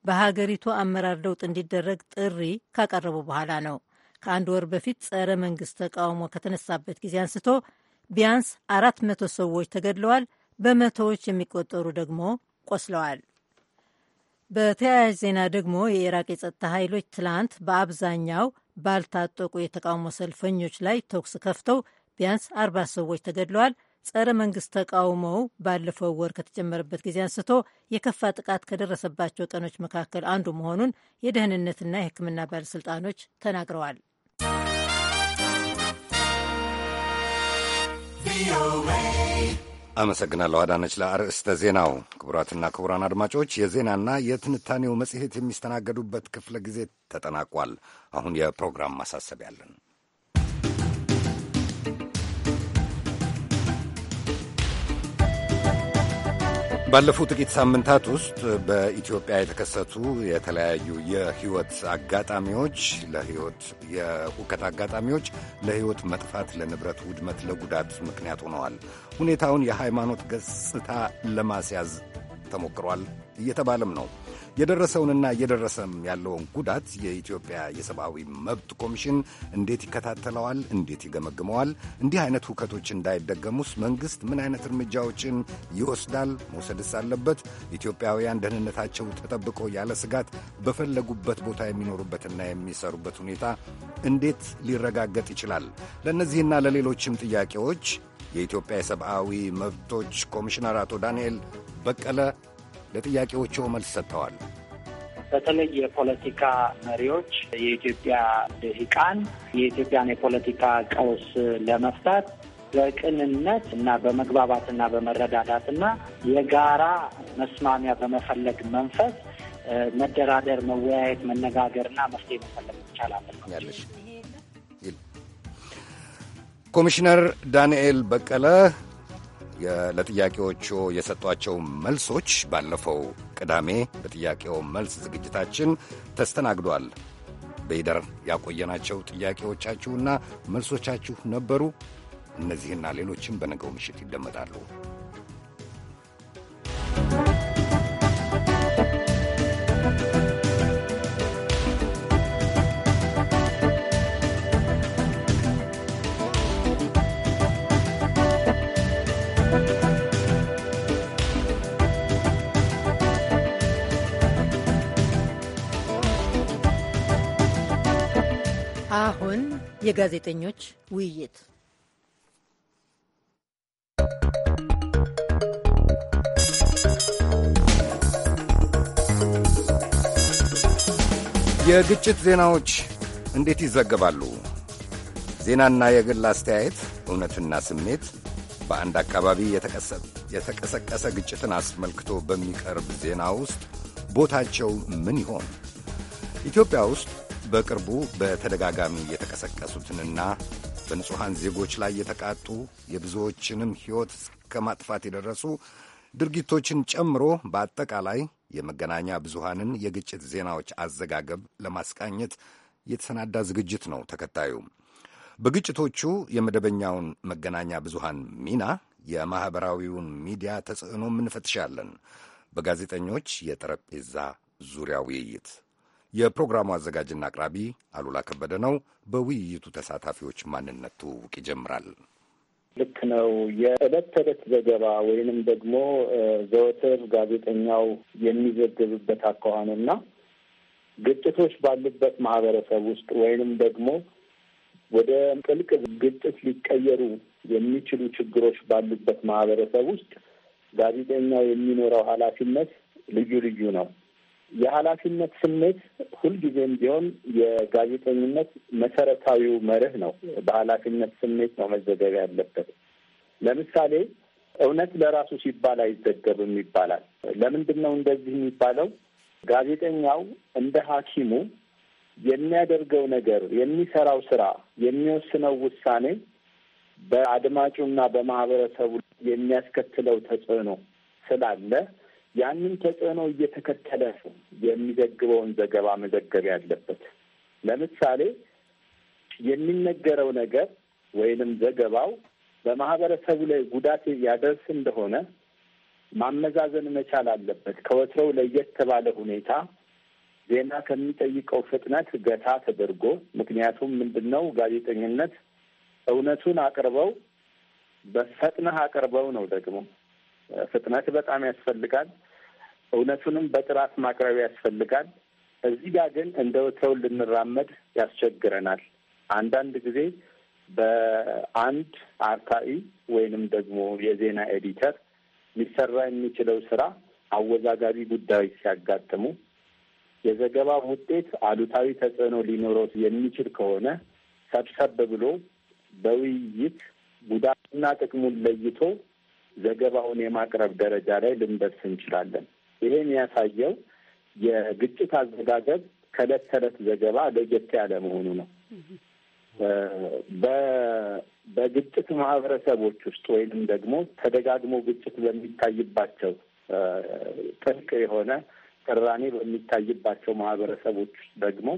በሀገሪቱ አመራር ለውጥ እንዲደረግ ጥሪ ካቀረቡ በኋላ ነው። ከአንድ ወር በፊት ጸረ መንግስት ተቃውሞ ከተነሳበት ጊዜ አንስቶ ቢያንስ አራት መቶ ሰዎች ተገድለዋል፣ በመቶዎች የሚቆጠሩ ደግሞ ቆስለዋል። በተያያዥ ዜና ደግሞ የኢራቅ የጸጥታ ኃይሎች ትላንት በአብዛኛው ባልታጠቁ የተቃውሞ ሰልፈኞች ላይ ተኩስ ከፍተው ቢያንስ አርባ ሰዎች ተገድለዋል። ጸረ መንግስት ተቃውሞው ባለፈው ወር ከተጀመረበት ጊዜ አንስቶ የከፋ ጥቃት ከደረሰባቸው ቀኖች መካከል አንዱ መሆኑን የደህንነትና የሕክምና ባለሥልጣኖች ተናግረዋል። ቪኦኤ አመሰግናለሁ አዳነች። ለአርዕስተ ዜናው ክቡራትና ክቡራን አድማጮች የዜናና የትንታኔው መጽሔት የሚስተናገዱበት ክፍለ ጊዜ ተጠናቋል። አሁን የፕሮግራም ማሳሰቢያ ባለፉት ጥቂት ሳምንታት ውስጥ በኢትዮጵያ የተከሰቱ የተለያዩ የህይወት አጋጣሚዎች ለህይወት የሁከት አጋጣሚዎች ለህይወት መጥፋት፣ ለንብረት ውድመት፣ ለጉዳት ምክንያት ሆነዋል። ሁኔታውን የሃይማኖት ገጽታ ለማስያዝ ተሞክሯል እየተባለም ነው። የደረሰውንና እየደረሰም ያለውን ጉዳት የኢትዮጵያ የሰብአዊ መብት ኮሚሽን እንዴት ይከታተለዋል? እንዴት ይገመግመዋል? እንዲህ አይነት ሁከቶች እንዳይደገሙስ መንግሥት ምን አይነት እርምጃዎችን ይወስዳል? መውሰድስ አለበት? ኢትዮጵያውያን ደህንነታቸው ተጠብቆ ያለ ስጋት በፈለጉበት ቦታ የሚኖሩበትና የሚሰሩበት ሁኔታ እንዴት ሊረጋገጥ ይችላል? ለእነዚህና ለሌሎችም ጥያቄዎች የኢትዮጵያ የሰብአዊ መብቶች ኮሚሽነር አቶ ዳንኤል በቀለ ለጥያቄዎቹ መልስ ሰጥተዋል። በተለይ የፖለቲካ መሪዎች፣ የኢትዮጵያ ድሂቃን የኢትዮጵያን የፖለቲካ ቀውስ ለመፍታት በቅንነት እና በመግባባትና በመረዳዳትና የጋራ መስማሚያ በመፈለግ መንፈስ መደራደር፣ መወያየት፣ መነጋገርና መፍትሄ መፈለግ ይቻላል። ኮሚሽነር ዳንኤል በቀለ ለጥያቄዎቹ የሰጧቸው መልሶች ባለፈው ቅዳሜ በጥያቄው መልስ ዝግጅታችን ተስተናግዷል። በይደር ያቆየናቸው ጥያቄዎቻችሁና መልሶቻችሁ ነበሩ። እነዚህና ሌሎችም በነገው ምሽት ይደመጣሉ። የጋዜጠኞች ውይይት የግጭት ዜናዎች እንዴት ይዘገባሉ? ዜናና የግል አስተያየት፣ እውነትና ስሜት በአንድ አካባቢ የተቀሰቀሰ ግጭትን አስመልክቶ በሚቀርብ ዜና ውስጥ ቦታቸው ምን ይሆን? ኢትዮጵያ ውስጥ በቅርቡ በተደጋጋሚ የተቀሰቀሱትንና በንጹሐን ዜጎች ላይ የተቃጡ የብዙዎችንም ሕይወት እስከ ማጥፋት የደረሱ ድርጊቶችን ጨምሮ በአጠቃላይ የመገናኛ ብዙሃንን የግጭት ዜናዎች አዘጋገብ ለማስቃኘት የተሰናዳ ዝግጅት ነው ተከታዩ። በግጭቶቹ የመደበኛውን መገናኛ ብዙሃን ሚና፣ የማኅበራዊውን ሚዲያ ተጽዕኖ እንፈትሻለን። በጋዜጠኞች የጠረጴዛ ዙሪያ ውይይት የፕሮግራሙ አዘጋጅና አቅራቢ አሉላ ከበደ ነው። በውይይቱ ተሳታፊዎች ማንነት ትውውቅ ይጀምራል። ልክ ነው። የዕለት ተዕለት ዘገባ ወይንም ደግሞ ዘወትር ጋዜጠኛው የሚዘግብበት አኳኋንና ግጭቶች ባሉበት ማህበረሰብ ውስጥ ወይንም ደግሞ ወደ ጥልቅ ግጭት ሊቀየሩ የሚችሉ ችግሮች ባሉበት ማህበረሰብ ውስጥ ጋዜጠኛው የሚኖረው ኃላፊነት ልዩ ልዩ ነው። የኃላፊነት ስሜት ሁልጊዜም ቢሆን የጋዜጠኝነት መሰረታዊው መርህ ነው። በኃላፊነት ስሜት ነው መዘገብ ያለበት። ለምሳሌ እውነት ለራሱ ሲባል አይዘገብም ይባላል። ለምንድን ነው እንደዚህ የሚባለው? ጋዜጠኛው እንደ ሐኪሙ የሚያደርገው ነገር፣ የሚሰራው ስራ፣ የሚወስነው ውሳኔ በአድማጩና በማህበረሰቡ የሚያስከትለው ተጽዕኖ ስላለ ያንን ተጽዕኖ እየተከተለ የሚዘግበውን ዘገባ መዘገብ ያለበት። ለምሳሌ የሚነገረው ነገር ወይንም ዘገባው በማህበረሰቡ ላይ ጉዳት ያደርስ እንደሆነ ማመዛዘን መቻል አለበት። ከወትሮው ለየት ባለ ሁኔታ ዜና ከሚጠይቀው ፍጥነት ገታ ተደርጎ ምክንያቱም ምንድን ነው ጋዜጠኝነት እውነቱን አቅርበው በፈጥነህ አቅርበው ነው ደግሞ ፍጥነት በጣም ያስፈልጋል። እውነቱንም በጥራት ማቅረብ ያስፈልጋል። እዚህ ጋር ግን እንደ ወትረው ልንራመድ ያስቸግረናል። አንዳንድ ጊዜ በአንድ አርታኢ ወይንም ደግሞ የዜና ኤዲተር ሊሰራ የሚችለው ስራ አወዛጋቢ ጉዳዮች ሲያጋጥሙ የዘገባ ውጤት አሉታዊ ተጽዕኖ ሊኖረው የሚችል ከሆነ ሰብሰብ ብሎ በውይይት ጉዳትና ጥቅሙን ለይቶ ዘገባውን የማቅረብ ደረጃ ላይ ልንደርስ እንችላለን። ይሄን ያሳየው የግጭት አዘጋገብ ከእለት ተዕለት ዘገባ ለየት ያለ መሆኑ ነው። በግጭት ማህበረሰቦች ውስጥ ወይንም ደግሞ ተደጋግሞ ግጭት በሚታይባቸው ጥልቅ የሆነ ቅራኔ በሚታይባቸው ማህበረሰቦች ውስጥ ደግሞ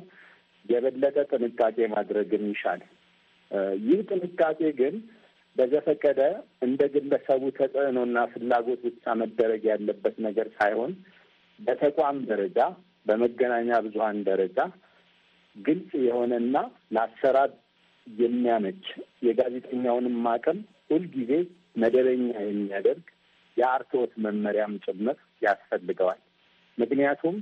የበለጠ ጥንቃቄ ማድረግ ይሻል። ይህ ጥንቃቄ ግን በዘፈቀደ እንደ ግለሰቡ ተጽዕኖና ፍላጎት ብቻ መደረግ ያለበት ነገር ሳይሆን በተቋም ደረጃ በመገናኛ ብዙኃን ደረጃ ግልጽ የሆነና ለአሰራር የሚያመች የጋዜጠኛውንም አቅም ሁልጊዜ መደበኛ የሚያደርግ የአርትዖት መመሪያም ጭምር ያስፈልገዋል። ምክንያቱም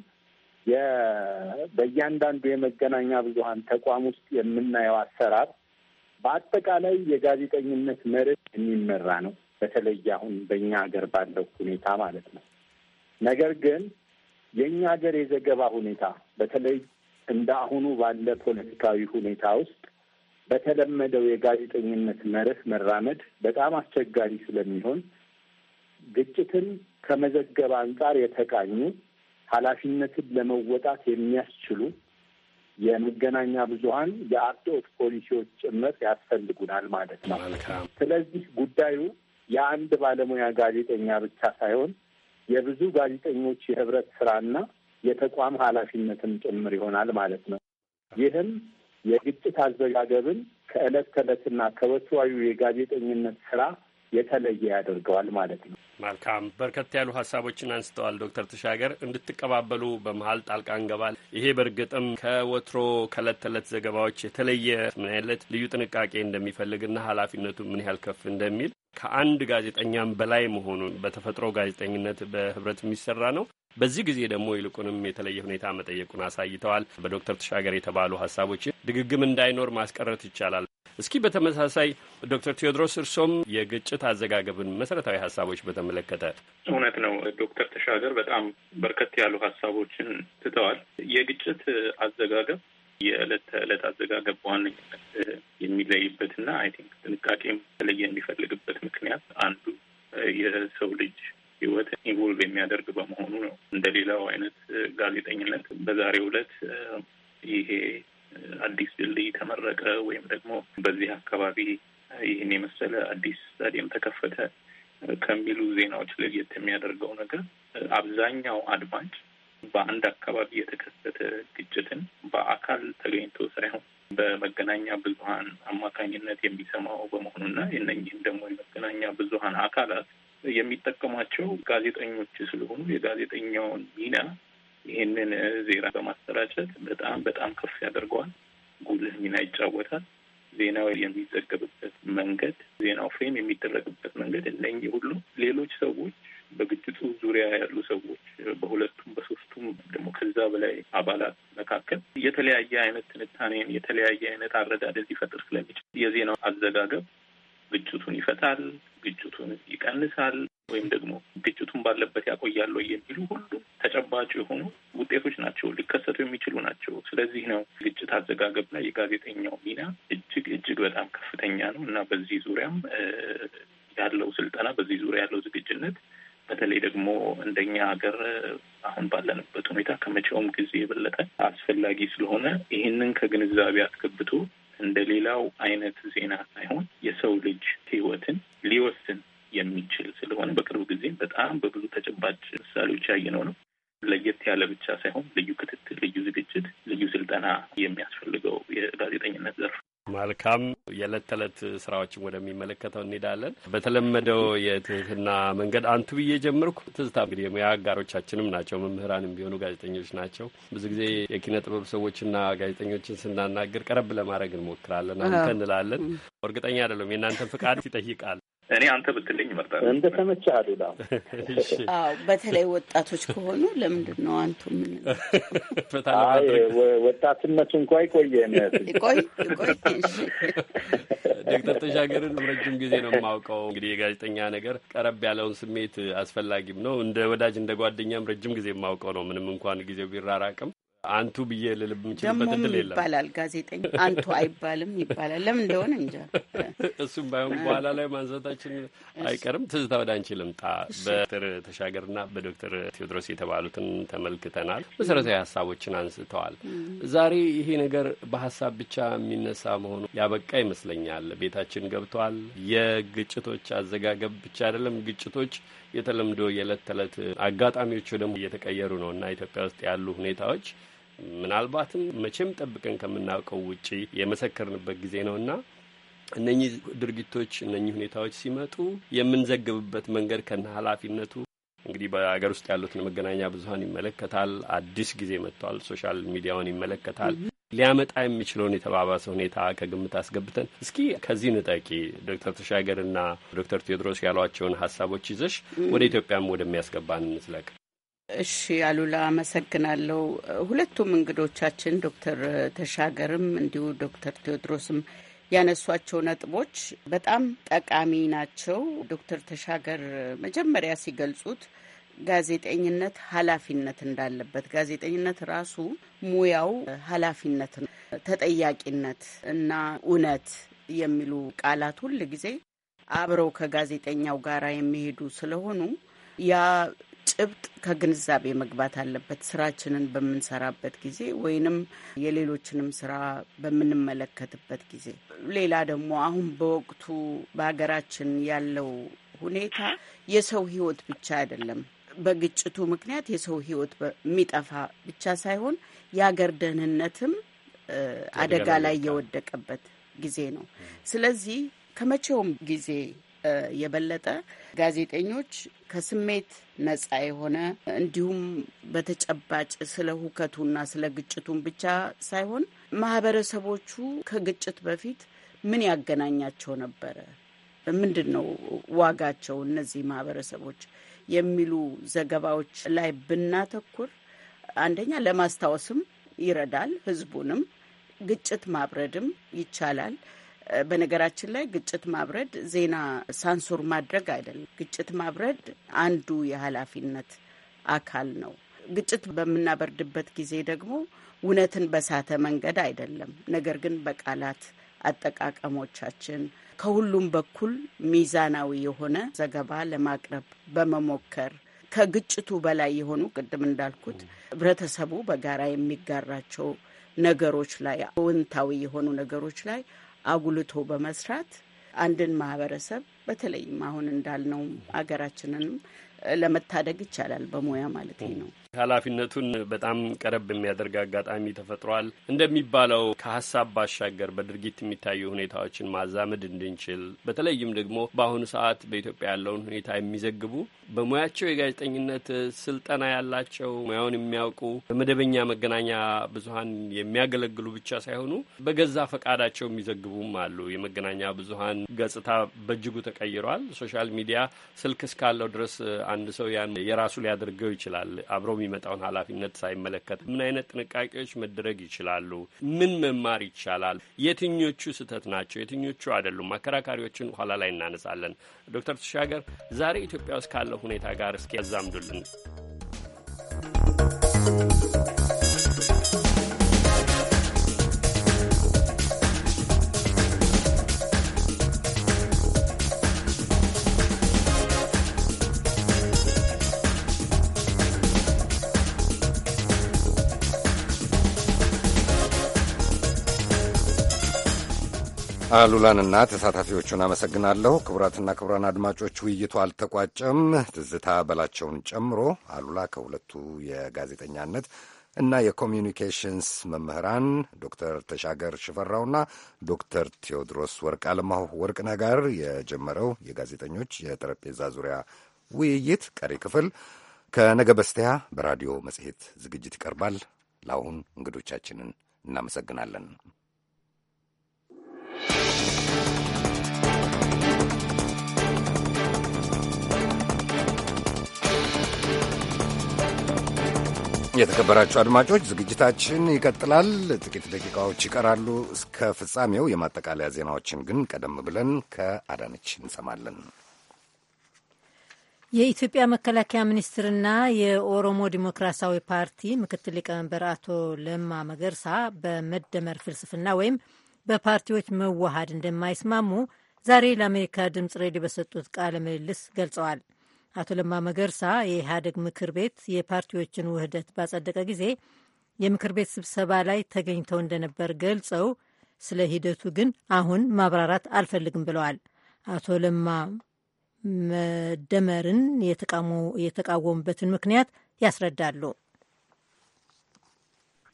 በእያንዳንዱ የመገናኛ ብዙኃን ተቋም ውስጥ የምናየው አሰራር በአጠቃላይ የጋዜጠኝነት መርህ የሚመራ ነው። በተለይ አሁን በእኛ ሀገር ባለው ሁኔታ ማለት ነው። ነገር ግን የእኛ ሀገር የዘገባ ሁኔታ በተለይ እንደ አሁኑ ባለ ፖለቲካዊ ሁኔታ ውስጥ በተለመደው የጋዜጠኝነት መርህ መራመድ በጣም አስቸጋሪ ስለሚሆን ግጭትን ከመዘገብ አንጻር የተቃኙ ኃላፊነትን ለመወጣት የሚያስችሉ የመገናኛ ብዙኃን የአርትዖት ፖሊሲዎች ጭምር ያስፈልጉናል ማለት ነው። ስለዚህ ጉዳዩ የአንድ ባለሙያ ጋዜጠኛ ብቻ ሳይሆን የብዙ ጋዜጠኞች የህብረት ስራና የተቋም ኃላፊነትም ጭምር ይሆናል ማለት ነው። ይህም የግጭት አዘጋገብን ከዕለት ተዕለትና ከወትዋዩ የጋዜጠኝነት ስራ የተለየ ያደርገዋል ማለት ነው። መልካም በርከት ያሉ ሀሳቦችን አንስተዋል ዶክተር ተሻገር እንድትቀባበሉ በመሀል ጣልቃ እንገባል። ይሄ በእርግጥም ከወትሮ ከእለት ተዕለት ዘገባዎች የተለየ ምን አይነት ልዩ ጥንቃቄ እንደሚፈልግና ኃላፊነቱ ምን ያህል ከፍ እንደሚል ከአንድ ጋዜጠኛም በላይ መሆኑን በተፈጥሮ ጋዜጠኝነት በህብረት የሚሰራ ነው። በዚህ ጊዜ ደግሞ ይልቁንም የተለየ ሁኔታ መጠየቁን አሳይተዋል። በዶክተር ተሻገር የተባሉ ሀሳቦችን ድግግም እንዳይኖር ማስቀረት ይቻላል። እስኪ በተመሳሳይ ዶክተር ቴዎድሮስ እርሶም የግጭት አዘጋገብን መሰረታዊ ሀሳቦች በተመለከተ። እውነት ነው ዶክተር ተሻገር በጣም በርከት ያሉ ሀሳቦችን ትተዋል። የግጭት አዘጋገብ የዕለት ተዕለት አዘጋገብ በዋነኝነት የሚለይበትና አይ ቲንክ ጥንቃቄም ተለየ የሚፈልግበት ምክንያት አንዱ የሰው ልጅ ህይወት ኢንቮልቭ የሚያደርግ በመሆኑ ነው። እንደሌላው አይነት ጋዜጠኝነት በዛሬው ዕለት ይሄ አዲስ ድልድይ ተመረቀ ወይም ደግሞ በዚህ አካባቢ ይህን የመሰለ አዲስ ስታዲየም ተከፈተ ከሚሉ ዜናዎች ለየት የሚያደርገው ነገር አብዛኛው አድማጭ በአንድ አካባቢ የተከሰተ ግጭትን በአካል ተገኝቶ ሳይሆን በመገናኛ ብዙኃን አማካኝነት የሚሰማው በመሆኑና የእነኝህም ደግሞ የመገናኛ ብዙኃን አካላት የሚጠቀሟቸው ጋዜጠኞች ስለሆኑ የጋዜጠኛውን ሚና ይህንን ዜና በማሰራጨት በጣም በጣም ከፍ ያደርገዋል። ጉልህ ሚና ይጫወታል። ዜናው የሚዘገብበት መንገድ፣ ዜናው ፍሬም የሚደረግበት መንገድ እነኚህ ሁሉ ሌሎች ሰዎች በግጭቱ ዙሪያ ያሉ ሰዎች በሁለቱም በሶስቱም ደግሞ ከዛ በላይ አባላት መካከል የተለያየ አይነት ትንታኔን የተለያየ አይነት አረዳደት ሊፈጥር ስለሚችል የዜናው አዘጋገብ ግጭቱን ይፈታል፣ ግጭቱን ይቀንሳል፣ ወይም ደግሞ ግጭቱን ባለበት ያቆያሉ የሚሉ ሁሉም ተጨባጭ የሆኑ ውጤቶች ናቸው፣ ሊከሰቱ የሚችሉ ናቸው። ስለዚህ ነው ግጭት አዘጋገብ ላይ የጋዜጠኛው ሚና እጅግ እጅግ በጣም ከፍተኛ ነው እና በዚህ ዙሪያም ያለው ስልጠና በዚህ ዙሪያ ያለው ዝግጅነት በተለይ ደግሞ እንደኛ ሀገር አሁን ባለንበት ሁኔታ ከመቼውም ጊዜ የበለጠ አስፈላጊ ስለሆነ ይህንን ከግንዛቤ አስገብቶ እንደ ሌላው አይነት ዜና ሳይሆን የሰው ልጅ ሕይወትን ሊወስን የሚችል ስለሆነ በቅርብ ጊዜ በጣም በብዙ ተጨባጭ ምሳሌዎች ያየነው ነው። ለየት ያለ ብቻ ሳይሆን ልዩ ክትትል፣ ልዩ ዝግጅት፣ ልዩ ስልጠና የሚያስፈልገው የጋዜጠኝነት ዘርፍ። መልካም የዕለት ተዕለት ስራዎችን ወደሚመለከተው እንሄዳለን። በተለመደው የትህትና መንገድ አንቱ ብዬ ጀምርኩ። ትዝታ እንግዲህ የሙያ አጋሮቻችንም ናቸው፣ መምህራንም ቢሆኑ ጋዜጠኞች ናቸው። ብዙ ጊዜ የኪነ ጥበብ ሰዎችና ጋዜጠኞችን ስናናገር ቀረብ ለማድረግ እንሞክራለን። አንተ እንላለን። እርግጠኛ አይደለም የእናንተን ፍቃድ ይጠይቃል። እኔ አንተ ብትልኝ እመርጣለሁ። እንደ ተመቸ አሉላ። በተለይ ወጣቶች ከሆኑ ለምንድን ነው አንቱ? ምን ወጣትነቱ እንኳ ይቆየን ቆይ ቆይ። ዶክተር ተሻገርን ረጅም ጊዜ ነው የማውቀው። እንግዲህ የጋዜጠኛ ነገር ቀረብ ያለውን ስሜት አስፈላጊም ነው። እንደ ወዳጅ እንደ ጓደኛም ረጅም ጊዜ የማውቀው ነው። ምንም እንኳን ጊዜው ቢራራቅም አንቱ ብዬ ልልብ የምችልበት እድል የለም። ይባላል ጋዜጠኛ አንቱ አይባልም ይባላል። ለምን እንደሆነ እንጃ። እሱም ባይሆን በኋላ ላይ ማንሳታችን አይቀርም። ትዝታ ወደ አንቺ ልምጣ። በዶክተር ተሻገርና በዶክተር ቴዎድሮስ የተባሉትን ተመልክተናል። መሰረታዊ ሀሳቦችን አንስተዋል። ዛሬ ይሄ ነገር በሀሳብ ብቻ የሚነሳ መሆኑ ያበቃ ይመስለኛል። ቤታችን ገብተዋል። የግጭቶች አዘጋገብ ብቻ አይደለም ግጭቶች የተለምዶ የዕለት ተዕለት አጋጣሚዎቹ ደግሞ እየተቀየሩ ነው እና ኢትዮጵያ ውስጥ ያሉ ሁኔታዎች ምናልባትም መቼም ጠብቀን ከምናውቀው ውጪ የመሰከርንበት ጊዜ ነውና እነኚህ ድርጊቶች እነኚህ ሁኔታዎች ሲመጡ የምንዘግብበት መንገድ ከነ ኃላፊነቱ እንግዲህ በሀገር ውስጥ ያሉትን መገናኛ ብዙኃን ይመለከታል። አዲስ ጊዜ መጥቷል። ሶሻል ሚዲያውን ይመለከታል። ሊያመጣ የሚችለውን የተባባሰ ሁኔታ ከግምት አስገብተን እስኪ ከዚህ ንጠቂ ዶክተር ተሻገርና ዶክተር ቴዎድሮስ ያሏቸውን ሀሳቦች ይዘሽ ወደ ኢትዮጵያም ወደሚያስገባን እንስለቅ። እሺ አሉላ አመሰግናለሁ። ሁለቱም እንግዶቻችን ዶክተር ተሻገርም እንዲሁ ዶክተር ቴዎድሮስም ያነሷቸው ነጥቦች በጣም ጠቃሚ ናቸው። ዶክተር ተሻገር መጀመሪያ ሲገልጹት ጋዜጠኝነት ኃላፊነት እንዳለበት ጋዜጠኝነት ራሱ ሙያው ኃላፊነት ነው። ተጠያቂነት እና እውነት የሚሉ ቃላት ሁል ጊዜ አብረው ከጋዜጠኛው ጋር የሚሄዱ ስለሆኑ ያ ጭብጥ ከግንዛቤ መግባት አለበት። ስራችንን በምንሰራበት ጊዜ ወይንም የሌሎችንም ስራ በምንመለከትበት ጊዜ፣ ሌላ ደግሞ አሁን በወቅቱ በሀገራችን ያለው ሁኔታ የሰው ህይወት ብቻ አይደለም። በግጭቱ ምክንያት የሰው ህይወት የሚጠፋ ብቻ ሳይሆን የሀገር ደህንነትም አደጋ ላይ የወደቀበት ጊዜ ነው። ስለዚህ ከመቼውም ጊዜ የበለጠ ጋዜጠኞች ከስሜት ነጻ የሆነ እንዲሁም በተጨባጭ ስለ ሁከቱና ስለ ግጭቱን ብቻ ሳይሆን ማህበረሰቦቹ ከግጭት በፊት ምን ያገናኛቸው ነበረ፣ ምንድን ነው ዋጋቸው እነዚህ ማህበረሰቦች የሚሉ ዘገባዎች ላይ ብናተኩር አንደኛ ለማስታወስም ይረዳል፣ ህዝቡንም ግጭት ማብረድም ይቻላል። በነገራችን ላይ ግጭት ማብረድ ዜና ሳንሱር ማድረግ አይደለም። ግጭት ማብረድ አንዱ የኃላፊነት አካል ነው። ግጭት በምናበርድበት ጊዜ ደግሞ እውነትን በሳተ መንገድ አይደለም። ነገር ግን በቃላት አጠቃቀሞቻችን ከሁሉም በኩል ሚዛናዊ የሆነ ዘገባ ለማቅረብ በመሞከር ከግጭቱ በላይ የሆኑ ቅድም እንዳልኩት ህብረተሰቡ በጋራ የሚጋራቸው ነገሮች ላይ አዎንታዊ የሆኑ ነገሮች ላይ አጉልቶ በመስራት አንድን ማህበረሰብ በተለይም አሁን እንዳልነው አገራችንንም ለመታደግ ይቻላል። በሙያ ማለት ነው። ኃላፊነቱን በጣም ቀረብ የሚያደርግ አጋጣሚ ተፈጥሯል። እንደሚባለው ከሀሳብ ባሻገር በድርጊት የሚታዩ ሁኔታዎችን ማዛመድ እንድንችል በተለይም ደግሞ በአሁኑ ሰዓት በኢትዮጵያ ያለውን ሁኔታ የሚዘግቡ በሙያቸው የጋዜጠኝነት ስልጠና ያላቸው ሙያውን የሚያውቁ በመደበኛ መገናኛ ብዙኃን የሚያገለግሉ ብቻ ሳይሆኑ በገዛ ፈቃዳቸው የሚዘግቡም አሉ። የመገናኛ ብዙኃን ገጽታ በእጅጉ ተቀይሯል። ሶሻል ሚዲያ ስልክ እስካለው ድረስ አንድ ሰው ያን የራሱ ሊያደርገው ይችላል አብረው የሚመጣውን ኃላፊነት ሳይመለከት ምን አይነት ጥንቃቄዎች መደረግ ይችላሉ? ምን መማር ይቻላል? የትኞቹ ስህተት ናቸው? የትኞቹ አይደሉም? አከራካሪዎችን ኋላ ላይ እናነሳለን። ዶክተር ተሻገር ዛሬ ኢትዮጵያ ውስጥ ካለው ሁኔታ ጋር እስኪ ያዛምዱልን። አሉላንና ተሳታፊዎቹን አመሰግናለሁ። ክቡራትና ክቡራን አድማጮች ውይይቱ አልተቋጨም። ትዝታ በላቸውን ጨምሮ አሉላ ከሁለቱ የጋዜጠኛነት እና የኮሚኒኬሽንስ መምህራን ዶክተር ተሻገር ሽፈራውና ዶክተር ቴዎድሮስ ወርቅ አለማሁ ወርቅነህ ጋር የጀመረው የጋዜጠኞች የጠረጴዛ ዙሪያ ውይይት ቀሪ ክፍል ከነገ በስቲያ በራዲዮ መጽሔት ዝግጅት ይቀርባል። ለአሁን እንግዶቻችንን እናመሰግናለን። የተከበራችሁ አድማጮች ዝግጅታችን ይቀጥላል። ጥቂት ደቂቃዎች ይቀራሉ እስከ ፍጻሜው። የማጠቃለያ ዜናዎችን ግን ቀደም ብለን ከአዳነች እንሰማለን። የኢትዮጵያ መከላከያ ሚኒስትርና የኦሮሞ ዲሞክራሲያዊ ፓርቲ ምክትል ሊቀመንበር አቶ ለማ መገርሳ በመደመር ፍልስፍና ወይም በፓርቲዎች መዋሃድ እንደማይስማሙ ዛሬ ለአሜሪካ ድምፅ ሬዲዮ በሰጡት ቃለ ምልልስ ገልጸዋል። አቶ ለማ መገርሳ የኢህአዴግ ምክር ቤት የፓርቲዎችን ውህደት ባጸደቀ ጊዜ የምክር ቤት ስብሰባ ላይ ተገኝተው እንደነበር ገልጸው ስለ ሂደቱ ግን አሁን ማብራራት አልፈልግም ብለዋል። አቶ ለማ መደመርን የተቃወሙበትን ምክንያት ያስረዳሉ።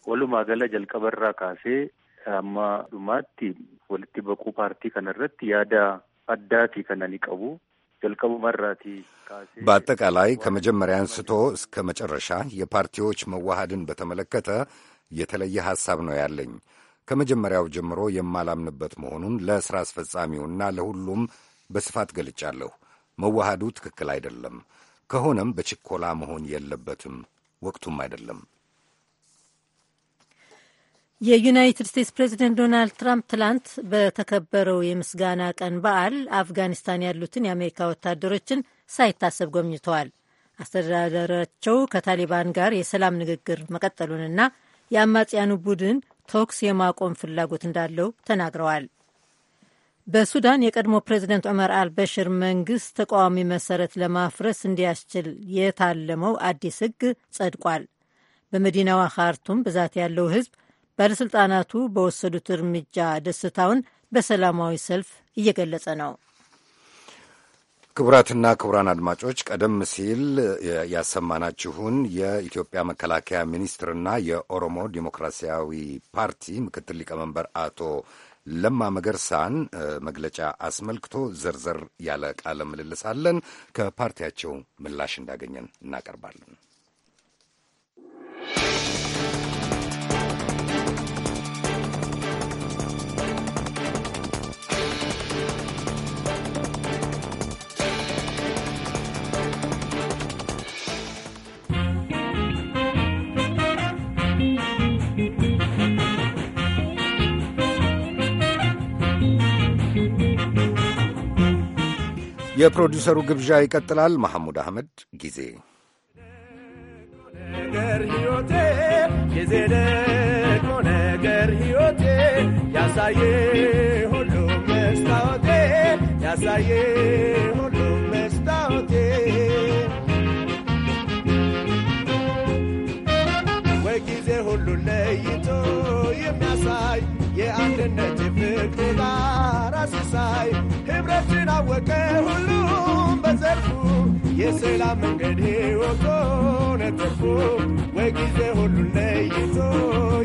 ወሉማ ገለ ጀልቀበራ ካሴ አማ ዱማቲ ወልቲ በቁ ፓርቲ ከነረት ያዳ አዳቲ ከነኒ ቀቡ በአጠቃላይ ከመጀመሪያ አንስቶ እስከ መጨረሻ የፓርቲዎች መዋሃድን በተመለከተ የተለየ ሐሳብ ነው ያለኝ። ከመጀመሪያው ጀምሮ የማላምንበት መሆኑን ለሥራ አስፈጻሚውና ለሁሉም በስፋት ገልጫለሁ። መዋሃዱ ትክክል አይደለም። ከሆነም በችኮላ መሆን የለበትም፣ ወቅቱም አይደለም። የዩናይትድ ስቴትስ ፕሬዚደንት ዶናልድ ትራምፕ ትላንት በተከበረው የምስጋና ቀን በዓል አፍጋኒስታን ያሉትን የአሜሪካ ወታደሮችን ሳይታሰብ ጎብኝተዋል። አስተዳደራቸው ከታሊባን ጋር የሰላም ንግግር መቀጠሉንና የአማጽያኑ ቡድን ተኩስ የማቆም ፍላጎት እንዳለው ተናግረዋል። በሱዳን የቀድሞ ፕሬዚደንት ዑመር አልበሽር መንግስት ተቃዋሚ መሰረት ለማፍረስ እንዲያስችል የታለመው አዲስ ህግ ጸድቋል። በመዲናዋ ካርቱም ብዛት ያለው ሕዝብ ባለሥልጣናቱ በወሰዱት እርምጃ ደስታውን በሰላማዊ ሰልፍ እየገለጸ ነው። ክቡራትና ክቡራን አድማጮች ቀደም ሲል ያሰማናችሁን የኢትዮጵያ መከላከያ ሚኒስትርና የኦሮሞ ዴሞክራሲያዊ ፓርቲ ምክትል ሊቀመንበር አቶ ለማ መገርሳን መግለጫ አስመልክቶ ዘርዘር ያለ ቃለ ምልልስ አለን። ከፓርቲያቸው ምላሽ እንዳገኘን እናቀርባለን። የፕሮዲውሰሩ ግብዣ ይቀጥላል። መሐሙድ አህመድ ጊዜ ነገር ሕይወቴ ጊዜ ደጎ ነገር ሕይወቴ ያሳየ ሁሉ መስታወቴ ያሳየ ሁሉ መስታወቴ ወይ ጊዜ ሁሉ ለይቶ የሚያሳይ የአንድነት የቅባራ ሲሳይ ኅብረትን አወቀ ሁሉም በዘርፉ የሰላም መንገድ ሕይወቶ ነተፉ ወይ ጊዜ ሁሉን ለይቶ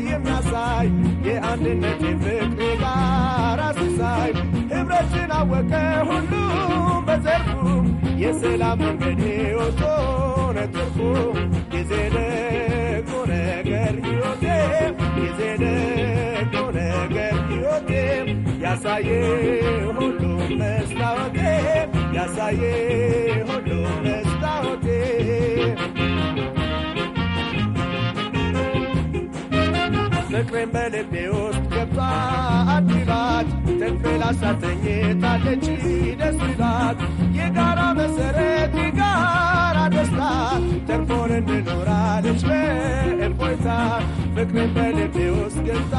የሚያሳይ የአንድነት የፍቅር ባራ ሲሳይ ኅብረትን አወቀ ሁሉም በዘርፉ የሰላም መንገድ ሕይወቶ ነተፉ ጊዜ ለቁ ነገር ሕይወቴ ያሳየ ሁሉ መስታወቴ ያሳየ ሁሉ መስታወቴ ፍቅሬን በልቤ ውስጥ ገብታ አዲባት ትንፌ ታለች ደስ ይላት የጋራ መሰረት ተርፎን እንኖራለች በእፎይታ ፍቅርን በልቤ ውስጥ ገልጣ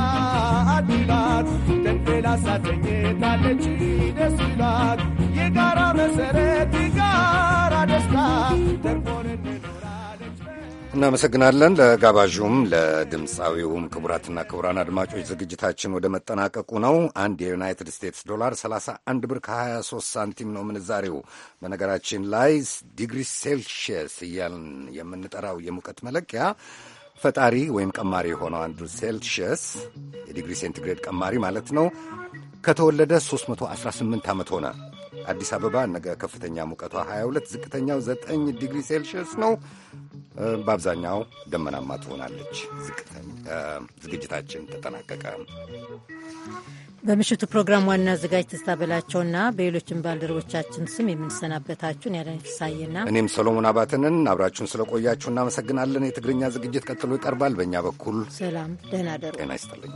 አድላት ደንፌላ ሳተኝታለች ደስ ይላት የጋራ መሰረት የጋራ ደስታ ተርፎን እናመሰግናለን ለጋባዡም ለድምፃዊውም። ክቡራትና ክቡራን አድማጮች ዝግጅታችን ወደ መጠናቀቁ ነው። አንድ የዩናይትድ ስቴትስ ዶላር 31 ብር ከ23 ሳንቲም ነው ምንዛሬው። በነገራችን ላይ ዲግሪ ሴልሺየስ እያልን የምንጠራው የሙቀት መለኪያ ፈጣሪ ወይም ቀማሪ የሆነው አንዱ ሴልሺየስ የዲግሪ ሴንቲግሬድ ቀማሪ ማለት ነው ከተወለደ 318 ዓመት ሆነ። አዲስ አበባ ነገ ከፍተኛ ሙቀቷ 22፣ ዝቅተኛው 9 ዲግሪ ሴልሺየስ ነው። በአብዛኛው ደመናማ ትሆናለች። ዝግጅታችን ተጠናቀቀ። በምሽቱ ፕሮግራም ዋና አዘጋጅ ትዝታ በላቸውና በሌሎችም ባልደረቦቻችን ስም የምንሰናበታችሁን ያዳኝ ፍሳዬና እኔም ሰሎሞን አባትንን አብራችሁን ስለቆያችሁ እናመሰግናለን። የትግርኛ ዝግጅት ቀጥሎ ይቀርባል። በእኛ በኩል ሰላም፣ ደህና ደሩ። ጤና ይስጥልኝ።